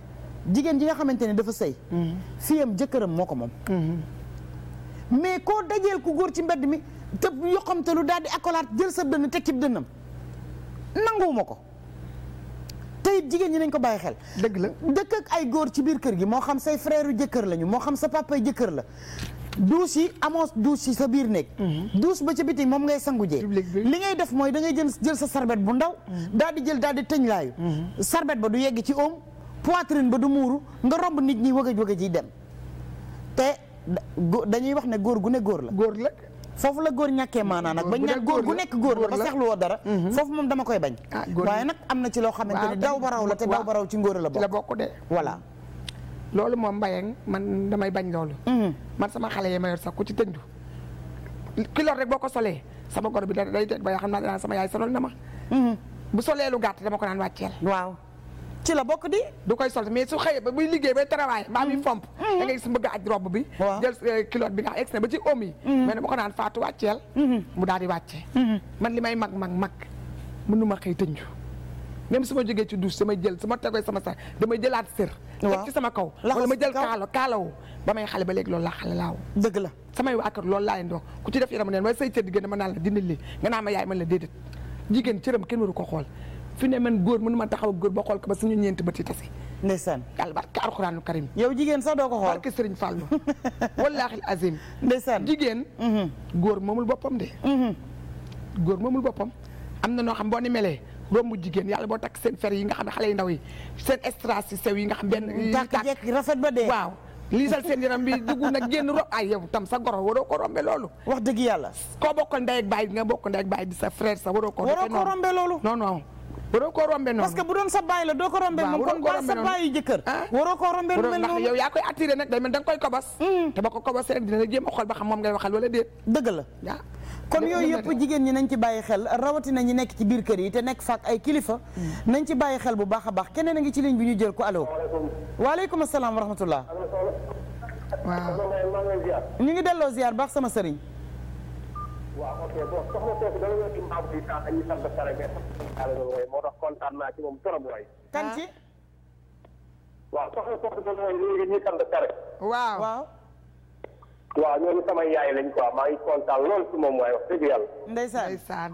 jigéen ji nga xamante ne dafa sëy mm-hmm. fiyam jëkkëram moo ko moom mm-hmm. mais koo dajeel ku góor ci mbedd mi te yoxamte lu daal di akolaat jël sa dënn te kib dënnam nanguwuma ko tey jigéen ñi nañ ko bàyyi xel. dëgg la dëkk ak ay góor ci biir kër gi moo xam say frère jëkkër lañu moo xam sa papa yu jëkkër la. douche yi amoo douche yi sa biir néeg mhm. douche ba ca biti moom ngay sangu jee li ngay def mooy da ngay jël jël sa sarbet bu ndaw mhm. daal di jël daal di tëñ laayu mhm. sarbet ba du yegg ci oom poitrine ba du muuru nga romb nit ñi wëgëj wëgëj yi dem te dañuy wax ne góor gu ne góor la góor la foofu la góor ñàkkee maanaam nag bañ naan góor gu nekk góor la ba seexlu woo dara mhm. foofu moom dama koy bañ ah, waaye nag am na ci loo xamante ne daw baraw la te daw baraw ci ngóor la bokk la bokk de voilà loolu moom mbayeng man damay bañ loolu mhm. man sama xale yi ma yor sax ku ci tëndu ki lor rek boo ko solee sama goro bi day day ba yoo xam naa sama yaay solol na ma mhm. bu solee lu gàtt dama ko naan wàcceel waaw ci la bokk di du koy sol mais su xëyee ba buy liggéey bay travail ba muy mm. fomp mm. da nga gis bëgg robb bi jël kilote euh, bi nga ex ne ba ci oom yi mais ne ma ko naan faatu wàcceel mm-hmm. mu daal di wàcce mm-hmm. man li may mag mag mag mënuma xëy tënju même su ma jógee ci du sama jël su ma tegee sama sa damay jëlaat sër teg ci sama kaw wala ma jël kaalo kaalawu ba may xale ba léegi loolu laa xale laaw dëgg la samay waa kër loolu laa leen ku ci def yaram neen wala say cër diggéen dama naan la dindi ma yaay man la jigéen cëram kenn waru ko xool fi ne man góor mënuma taxaw ak góor ba xool ko ba suñu ñeenti bët yi tase. ndeysaan yàlla barke alxuraanu karim. yow jigéen sax doo ko xool barke Serigne Fallou wallaahi azim. ndeysaan jigéen. Mm-hmm. góor moomul boppam de. Mm-hmm. góor moomul boppam am na noo xam boo ni melee rombu jigéen yàlla boo takk seen fer yi nga xam ne xale yu ndaw yi seen strass si sew yi nga xam benn. tàkk jekk rafet ba dee waaw. liisal seen yaram bi dugg nag génn rob ay yow tam sa goro waroo ko rombe loolu. wax dëgg yàlla. koo bokk ndey ak baay nga bokk ndey ak sa sa waroo ko. waroo waroo koo rombe noonu parce que bu doon sa baay la doo ko rombe noonu kon baay sa baayu jëkkër ah? waroo koo rombe noonu yaa koy attiré nag day koy kobos hmm. te ba ko kobosee rek dina la jéem a xool ba xam moom ngay waxal wala déet dëgg la kon yooyu yëpp jigéen ñi nañ ci bàyyi xel rawatina ñi nekk ci biir kër yi te nekk faak ay kilifa hmm. nañ ci bàyyi xel bu baax a baax keneen a ngi ci ligne bi ñu jël ko allo waaleykum asalaam wa rahmatullah waaw ñu ngi delloo ziar baax sama sëriñ waaw moo tax kontaan moom trop waay. kan ci. waaw soxna Socé dama ñëw ñu ngi sant waaw waaw. waaw yaay lañ quoi maa ngi kontaan lool ci moom waaye wax dëgg yàlla. ndeysaan ndeysaan.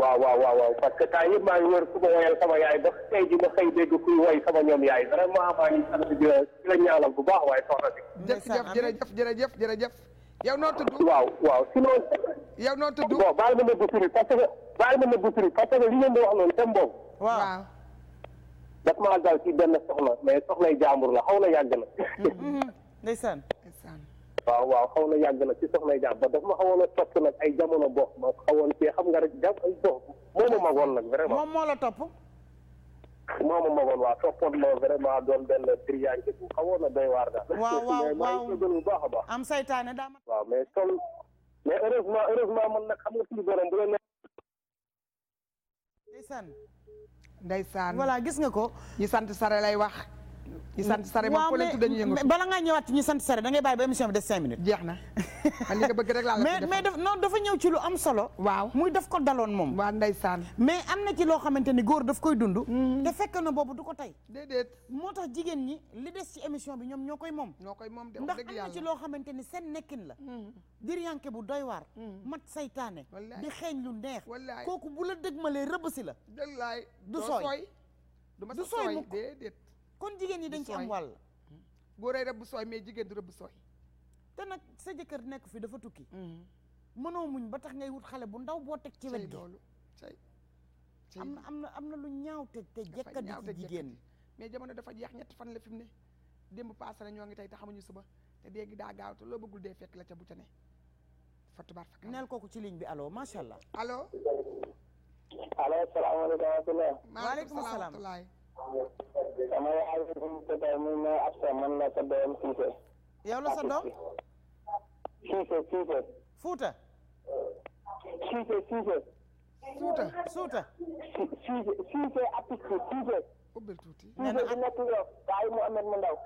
waaw waaw waaw parce que temps yëpp maa ngi wër ku ma woyal sama yaay ba tey ji ma xëy dégg kuy woy sama ñoom yaay vraiment maa ngi sant di la ñaanal bu baax waaye soxna si. jërëjëf jërëjëf jërëjëf jërëjëf. yow tudd. waaw waaw sinon. yow noo tudd. bon baal ma nëbbu turi parce que baal ma nëbbu turi parce que li ngeen di wax noonu thème boobu. waaw. daf maa dal ci benn soxna mais soxnay jaambur la xaw na yàgg na. Mm-hmm. ndeysaan. waaw waaw xaw na yàgg na ci soxnay jaambur daf ma xawoon a topp ay jamono bo ma xawoon cee xam nga rek jàpp ay dox moo ma vraiment moom moo la topp. moom a magoon waa toppoon ma vraiment doon benn triange bu xawoon na doy waar daal. waaw waaw waaw maa ngi bu baax a baax. am saytaane daa ma. waaw mais toll mais heureusement heureusement man nag xam nga suñu borom bu la nekk. ndeysaan. ndeysaan voilà gis nga ko. ñu sant sare lay wax. ñi sant sare dañuy yëngatu bala ngaa ñëwaat ñi sant sare da ngay bàyyi ba émission bi des cinq minutes jeex na man li nga bëgg rek mais daf non dafa ñëw ci lu am solo waaw muy daf ko daloon moom waaw ndeysaan mais am na ci loo xamante ni góor daf koy dund mhm. te fekk na boobu du ko tey déedéet moo tax jigéen ñi li des ci émission bi ñoom ñoo koy moom ñoo koy moom de ndax am na ci loo xamante ni seen nekkin la mhm. diryanke bu doy waar mhm. mat saytaane di xeeñ lu neex kooku bu la dëgmalee rëbb si la du sooy du sooy mukk déedéet kon jigéen ñi dañ ci am wàll góor ay rëbb sooy mais jigéen du rëbb sooy te nag sa jëkkër nekk fi dafa tukki mm-hmm. mënoo muñ ba tax ngay wut xale bu ndaw boo teg ci wet gi am na am na am na lu ñaaw te te jekkati ci jigéen mais jamono dafa jeex ñetti fan la fi ne démb passé na ñoo ngi tey te xamuñu suba te dégg daa gaaw te loo bëggul dee fekk la ca bu ca ne Fatou Bar Fakal neel kooku ci ligne bi aloo macha allah. allo. allo salaamaaleykum wa rahmatulah. maaleykum salaam sama yaay bi mu tëddee mu ne Absa man la sa doom Cissé. yow la sa doom. Cissé Cissé. Fouta. Cissé Cissé. Suuta Suuta. Cissé Cissé artiste Cissé. ubbil tuuti. nee na nekk yow waaye Mouhamed mu ndaw.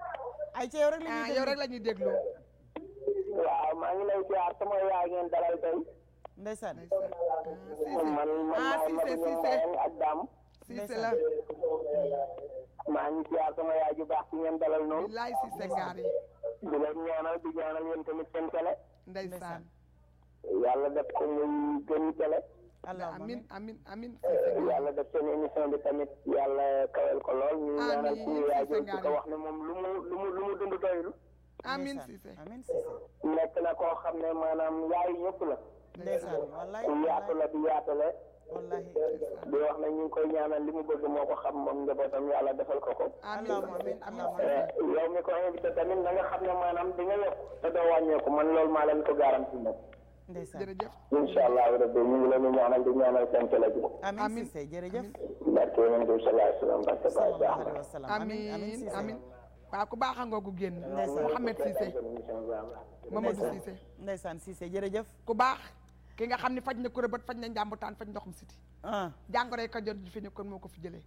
ay ca yow rek la ñuy déglu yow rek la ñuy déglu. waaw maa ngi lay ziar sama yaay ngeen dalal tey. ndeysaan. ndeysaan. man man maa ngi ak daam. Cissé la maa ngi ziar sama yaay ju baax ci ngeen dalal noonu. billaay Cissé ngaar yi. di ñaanal di ñaanal yéen tamit seen télé. ndeysaan. yàlla def ko muy gën télé. amin amin amin yàlla def seen émission bi tamit yàlla kawel ko lool ñu ñaanal ci yaay ju ko wax ne moom lu mu lu mu lu amin Cissé amin nekk na koo xam ne maanaam yaayu ñëpp la. yaatu la di yaatale. wallahi di wax na ñu ngi koy ñaanal li mu bëgg moo ko xam moom njabootam yàlla defal ko ko eh, yow mi ko invité tamit da nga xam ne maanaam di nga yokk te doo wàññeeku man loolu maa leen ko garanti nag jërëjëf incha allah rabbi ñu ngi leen di ñaanal di ñaanal seen télé bi amiin Cissé jërëjëf barke yonent bi sallallahu alayhi wa sallam barke baay baax na amiin amiin waaw ku baax a ngoogu génn Mouhamed Cissé Mamadou Cissé ndeysaan Cissé jërëjëf ku ki nga xam ne faj na ko rëbët faj na njàmbutaan faj ndoxum siti ah. jàngoroy Kajoor ji fi ne kon moo ko fi jëlee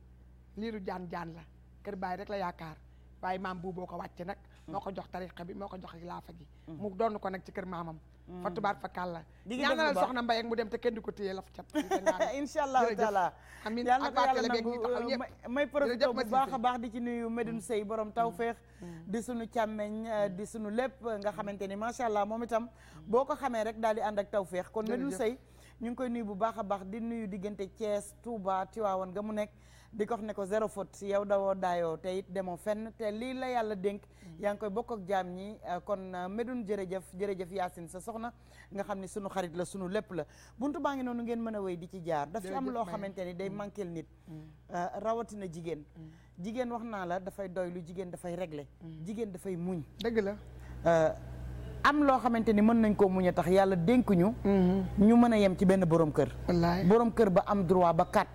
liiru jaan jaan la kër bàyyi rek la yaakaar waaye maam bu boo ko wàcce nag hmm. moo ko jox tariqa bi moo ko jox laafa gi hmm. mu doon ko nag ci kër maamam fa tubaar fa kàlla ñaanal soxna Mbaye mu dem te kenn di ko téye laf cat incha allahu taala amiin yàlla na ko yàlla nangu uh, may profité bu baax a baax di ci nuyu Medoune Sey borom tawféex mm. di sunu càmmeñ uh, mm. di sunu lépp nga xamante ni macha allah moom itam boo ko xamee rek daal di ànd ak tawféex kon Medoune Sey ñu ngi koy nuyu bu baax a baax di nuyu diggante Thiès Touba Tivaouane ga mu nekk di ko wax ne ko zéro si yow dawoo daayoo tey demoo fenn te lii la yàlla dénk mm. yaa ngi koy bokk ak jaam ñi euh, kon euh, medun jërëjëf jërëjëf Yacine sa soxna nga xam ne sunu xarit la sunu lépp la buntu baa ngi noonu ngeen mën a wéy di ci jaar daf ci xamante ni day mm. manquel nit mm. euh, rawatina jigéen jigéen wax naa la dafay doylu jigéen dafay régler jigéen dafay muñ dëgg la am loo xamante ni mën nañ koo muñ a tax yàlla dénkuñu mm-hmm. ñu mën a yem ci benn borom kër borom kër ba am droit ba kat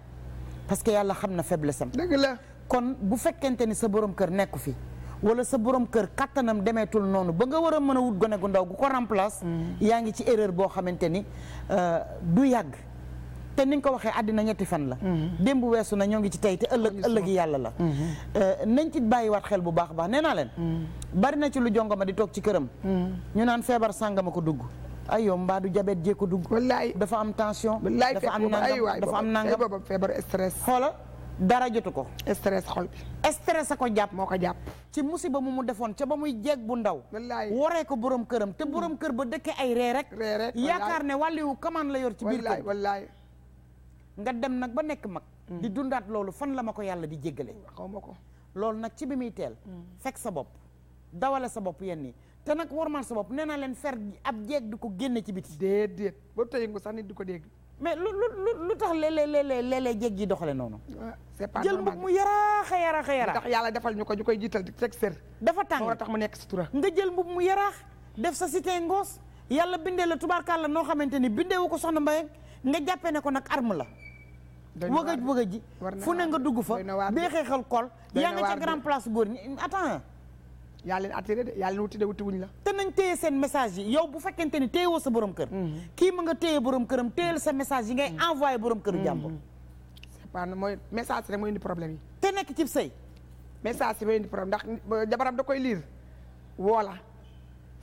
parce que yàlla xam na faiblesse am. dëgg la kon bu fekkente ni sa borom kër nekku fi. wala sa borom kër kattanam demeetul noonu ba nga war a mën a wut gone gu ndaw gu ko remplace mm. yaa ngi ci erreur boo xamante ni euh, du yàgg te ni nga ko waxee àddina ñetti fan la mm. démb weesu na ñoo ngi ci tey te ëllëg ëllëgi yàlla la mm-hmm. euh, nañ ci bàyyiwaat xel bu baax baax nee naa leen mm. bari na ci lu jongoma di toog ci këram ñu naan feebar sàngam a ko dugg ay yow mbaadu du jabet jee ko dugg. wallaay dafa am tension. wallaay dafa am nangam dafa am nangam booba feebar stress. xoola dara jotu ko. stress xol bi. stress a ko jàpp moo ko jàpp. ci musiba mu mu defoon ca ba muy jeeg bu ndaw. wallaay waree ko borom këram te borom kër ba dëkkee ay ree rek. ree rek yaakaar ne wàlliwu kamaan la yor ci biir kër wallaay nga dem nag ba nekk mag. Mm. di dundaat loolu fan la ma ko yàlla di jéggale. xaw ko loolu nag ci bi muy teel. Mm. fekk sa bopp dawale sa bopp yenn yi te nag wormaal sa bopp nee na leen fer ab jeeg di ko génne ci biti déedéet ba tey nga sax nit di ko dégg mais lu lu lu lu tax léeg-léeg léeg-léeg jéeg ji doxale noonu c'est pas jël mbub mu yaraaxa yaraaxa yaraax tax yàlla defal ñu ko ñu koy jiital di teg dafa tàng tax mu nekk sutura nga jël mbub mu yaraax def sa cité ngoos yàlla bindee la tubaarkàlla noo xamante ni bindeewu ko soxna Mbaye nga jàppee ne ko nag arme la wëgëj wëgëj ji fu ne nga dugg fa bee xeexal kool yaa nga ca grand place góor ñi attends yàlla leen attiré de yaa leen wuti de wuti wuñ la te nañ téye seen message yi yow bu fekkente ni téyewoo sa borom kër mm-hmm. kii ma nga téye borom këram téyel sa message yi ngay mm-hmm. envoyé borom këru mm-hmm. jàmbur c'est pas mooy message rek mooy indi problème yi te nekk ci sëy message yi mooy ndax jabaram da koy liir woola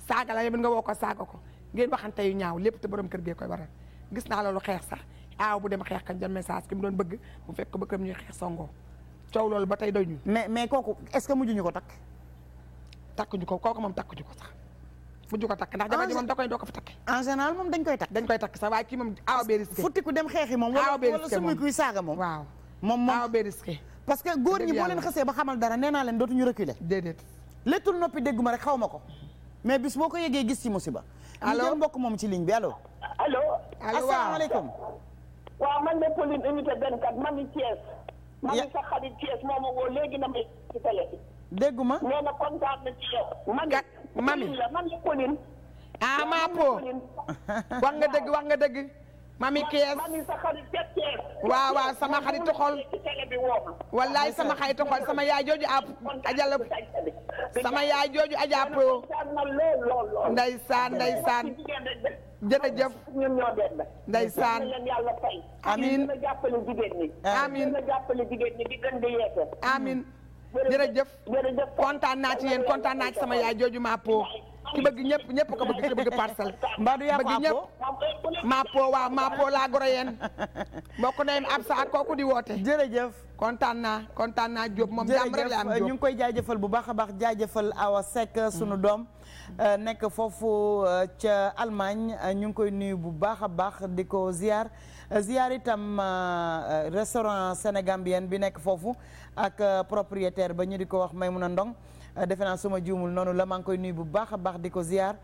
saaga la yow nga woo ko saaga ko ngeen waxante yu ñaaw lépp te borom kër gee koy waral gis naa loolu xeex sax aaw bu dem xeex kan jam message ki mu doon bëgg bu fekk ba këram ñuy xeex songoo coow loolu ba tey doy ñu mais mais kooku est-ce que mujj ñu ko takk takkuñu ko kooku moom takkuñu ko sax mujj ko takk ndax jabar ji moom da koy doo ko fa takk en général moom dañ koy takk dañ koy takk sax waaye kii moom aaw bee risqué futti ku dem xeexi moom wala wala sumi kuy saaga moom moom moom dara nee naa leen dootuñu reculer déedéet léttul noppi dégguma rek ma ko mais bis boo ko yegee gis ci musiba allo ñu jël mbokk moom ci ligne bi allo allo asalaamaaleykum waaw man de Pauline unité 24 mami Thiès mami sa xarit Thiès mooma woo na may dégguma nee na kontaan na ci yow. man mami man la ah, dëgg wax nga dëgg. mami kees mami sa xarit kees. waaw sama xaritu xol. wallaay sama xaritu xol sama yaay jooju àpp ah, ajala sama yaay jooju ajàppoo. ndeysaan ndeysaan. jërëjëf ñun ñoo benn ndeysaan yàlla fay amiin jàppale amiin amiin jërëjëf kontaan naa ci yéen kontaan naa ci sama yaay jooju Mapo ki bëgg ñëpp ñëpp ko bëgg ki bëgg parcelle. mbaa du yàqu Mapo na yéen ab ak kooku di woote. jërëjëf kontaan naa kontaan naa Diop moom. jàmm rek la am Diop ñu ngi koy jaajëfal bu baax a baax aw a Seck sunu doom. Mm-hmm. nekk foofu uh, ca Allemagne uh, ñu ngi koy nuyu bu baax a baax di ko ziar. ziar itam euh, euh, restaurant sénégambien bi nekk foofu ak euh, propriétaire ba ñu di ko wax Maymuna Ndong defe naa suma juumul noonu la maa ngi koy nuyu bu baax a baax di ko ziar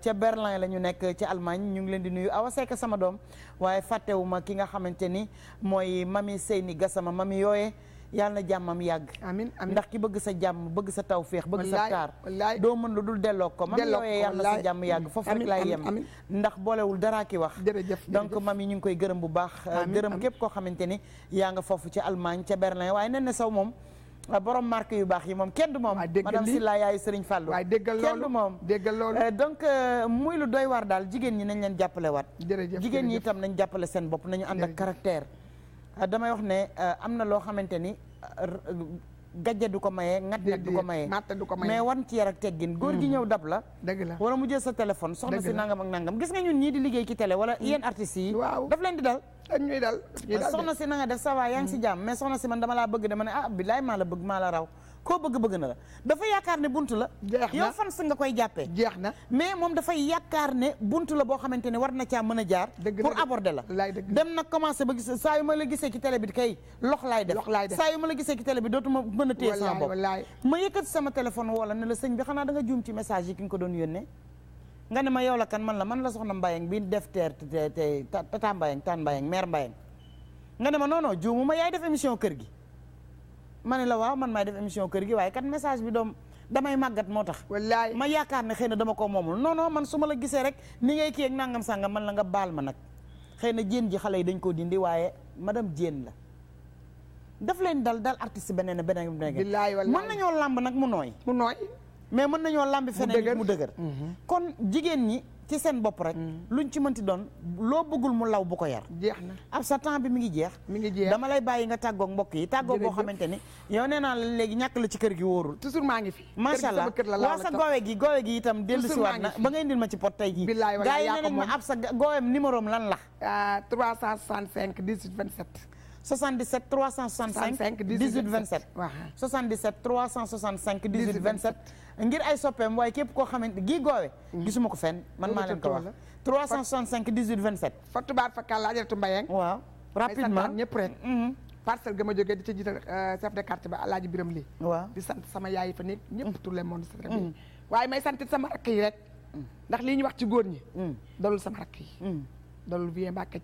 ca Berlin la ñu nekk ci Allemagne ñu ngi leen di nuyu Awa Seck sama doom waaye fàttewuma ki nga xamante ni mooy mami Seyni Gassama mami yooye yàlla jàmmam yàgg amiin amiin ndax ki bëgg sa jàmm bëgg sa tawféex bëgg sa taar doo mën lu dul delloo ko mam looyee yàlla na sa jàmm yàgg foofu rek laay yem ndax boolewul dara ki wax donc mam yi ñu ngi koy gërëm bu baax euh, gërëm képp koo xamante ni yaa nga foofu ci Allemagne ca Berlin waaye nen ne saw moom euh, borom marque yu baax yi moom kenn du moom madame Silla yaayu Serigne Fallou waaye déggal loolu kenn du moom déggal loolu euh, donc muy lu doy war daal jigéen ñi nañ leen jàppale waat jigéen ñi itam nañ jàppale seen bopp nañu ànd ak caractère Euh, damay wax ne euh, am na loo xamante ni euh, gajja du ko maye ngat nag du ko maye mais wan ci yar ak teggin góor gi hmm. ñëw dab la dëgg la wala mu jël sa téléphone soxna si nangam ak nangam gis nga ñun ñii di liggéey ci tele wala hmm. yéen artistes yi waaw daf leen di dal ak soxna si na nga def ça va yaa ngi si hmm. jàmm mais soxna si man dama laa bëgg dama ne ah bilaay maa la bëgg maa la raw koo bëgg-bëgg na la dafa yaakaar ne buntu la yow fan sa nga koy jàppee jeex na mais moom dafay yaakaar ne buntu la boo xamante ne war na caa mën a jaar pour aborder la dem nag commencé ba gis saa yu ma la gisee ci télé bi kay lox laay def saa yu ma la gisee ci télé bi dootuma mën a téye sama bopp ma yëkkati sama téléphone woo la ne la sëñ bi xanaa da nga juum ci message yi ki nga ko doon yónnee nga ne ma yow la kan man la man la soxna Mbayang bi def teer te tata Mbayang tan Mbayang mère Mbayang nga ne ma non non juumu ma yaay def émission kër gi ma ne la waaw man maay def émision kër gi waaye kat message bi doom damay màggat moo tax wallaay ma yaakaar ne xëy na dama ko moomul non man su ma la gisee rek ni ngay kii ak nangam sànga man la nga baal ma nag xëy na jéen ji xale yi dañ koo dindi waaye ma madame jéen la daf leen dal dal artiste beneen beneen beneen mën nañoo làmb nag mu nooy mu nooy mais mën nañoo làmb feneen mu dëgër mhm. kon jigéen ñi ci seen bopp rek. Mm. luñ ci mënti doon loo bëggul mu law bu ko yar. jeex na ab sa temps bi mu ngi jeex. mi ngi jeex dama lay bàyyi nga tàggoog mbokk yi tàggoog boo xamante ni. yow nee naa léegi ñàkk la ci kër gi wóorul. toujours maa ngi fi. macha allah waa sa goowe gi goowe gi itam dellu si waat na ba ngay indil ma ci pot tey jii. billaay wala yaa ko moom gars yi nee nañ ma ab gooweem numéro lan la. Ah, 77 365 18 27 77 365 18 27 ngir ay soppeem waaye képp koo xamante gii goowe mm-hmm. gisuma ko fenn man maa leen ko wax 365 18 27 Fatou Baar Fakal Ajaratu Mbayang waaw rapidement ñëpp rek mm-hmm. parcelle ga ma jógee di ci jiital euh, chef de quartier ba Alaaji Biram Li di sant sama yaay fa nekk ñëpp mm-hmm. tout le monde c'est vrai waaye may sant sama rakk rek ndax lii ñu wax ci góor ñi dalul sama rakk yi dalul vie Mbàkke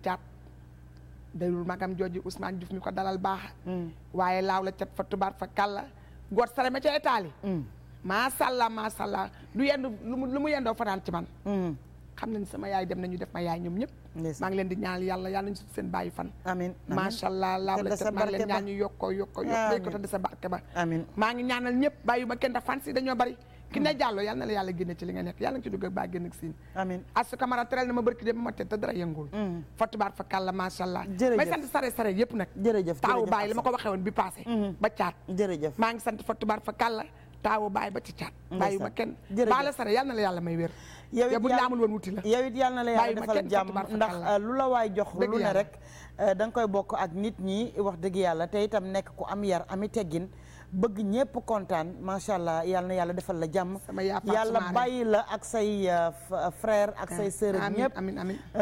dayul magam jooju Ousmane Diouf mi ko dalal baax mm. waaye laaw la cat fa tubaar fa kàlla goot sare ma ca étali maasàllaa mm. maasàllaa lu yendu lu mu yendoo fanaan ci man mm. xam nañ sama yaay dem nañu def ma yaay ñoom ñëpp maa ngi leen di ñaan yàlla yàlla nañu sut seen bàyyi fan amiin macha allah laaw la cat maa ngi ñu yokkoo yokkoo yokkoo ko te maa ngi ñaanal ñëpp bàyyi ma kenn da fan si dañoo bari ki ne jàllo yal na la yàlla génne ci li nga nekk yàlla nga ci dugg ak baa génn ak siin amiin asu kamara teral na ma barki dem ma te dara yëngul mm. fatubaar fa kàlla macha ma ko waxee mm-hmm. ba caat jërëjëf maa ngi sant fatubaar fa kàlla taawu baay ba ci caat bàyyi ma sare yal na la yàlla may wér yow it bu ñu amul woon wuti la yow it yal na la yàlla defal jàmm ndax euh, euh, koy bokk ak nit ñi wax dëgg yàlla te itam nekk ku am yar ami teggin bëgg ñëpp kontaan macha allah yal yàlla defal la jàmm. yàlla bàyyi la ak say euh, euh, frère ak say sœur ñëpp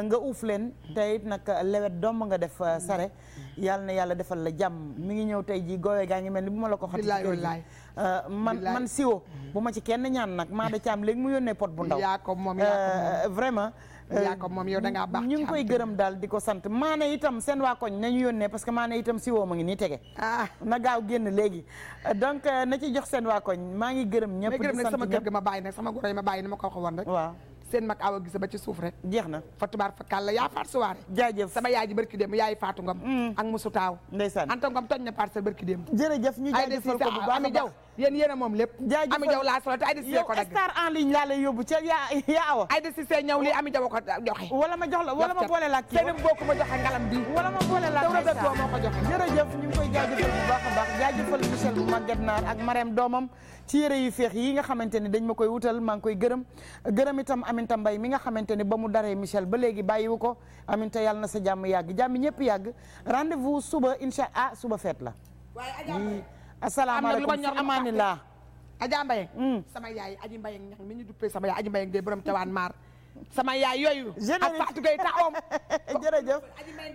nga uuf leen tey it nag euh, lewet doom nga def sare yal na yàlla defal la jàmm mu ngi ñëw tey ji goowe gaa ngi mel ni bu ma la ko xati man man siwo bu ma ci kenn ñaan nag maa da caam léegi mu yónnee pot bu ndaw Euh, yaa ko moom yow da ngaa baax ñu koy gërëm daal di ko sant maana itam seen waa koñ nañu yónnee parce que maana itam si woo ma ngi nii tege ah. na gaaw génn léegi donc euh, na ci jox seen waa koñ maa ngi gërëm ñee di sant sama kër ma bàyyi nag sama goro yi ma bàyyi ni ma ko waxoon rek waaw seen mag awa gisa ba ci suuf rek jeex na fa tubaar fa kàll yaa faat suwaare jaajëf sama yaay ji barki dem yaay faatu ngam mm. ak musu taaw ndeysaan anta ngam toñ na parcelle barki dem jërëjëf ñu a baax yéen yéen moom lépp Ami Jaw laa solo te Aïda Cissé ko nag star en ligne laa lay yóbbu ca yaa yaa awa Aïda Cissé ma jox la wala ma ko joxe jërëjëf ñu ngi koy jaajëfal bu baax a baax jaajëfal ak Marème doomam yére yu feex yi nga xamante ne dañ ma koy wutal maa ngi koy gërëm gërëm itam Aminta Mbay mi nga xamante ne ba mu daree Michel ba léegi bàyyiwu ko Aminta yàlla na sa jàmm yàgg jàmm ñëpp yàgg rendez suba incha a ah, suba feet la asalaamaaleykum fi amaanilaa Adja Mbaye hmm. sama yaay aji Mbaye ñax mi ñu duppee sama yaay aji Mbaye ngay borom tewaan maar sama yaay yooyu ak Fatou Gueye taawam jërëjëf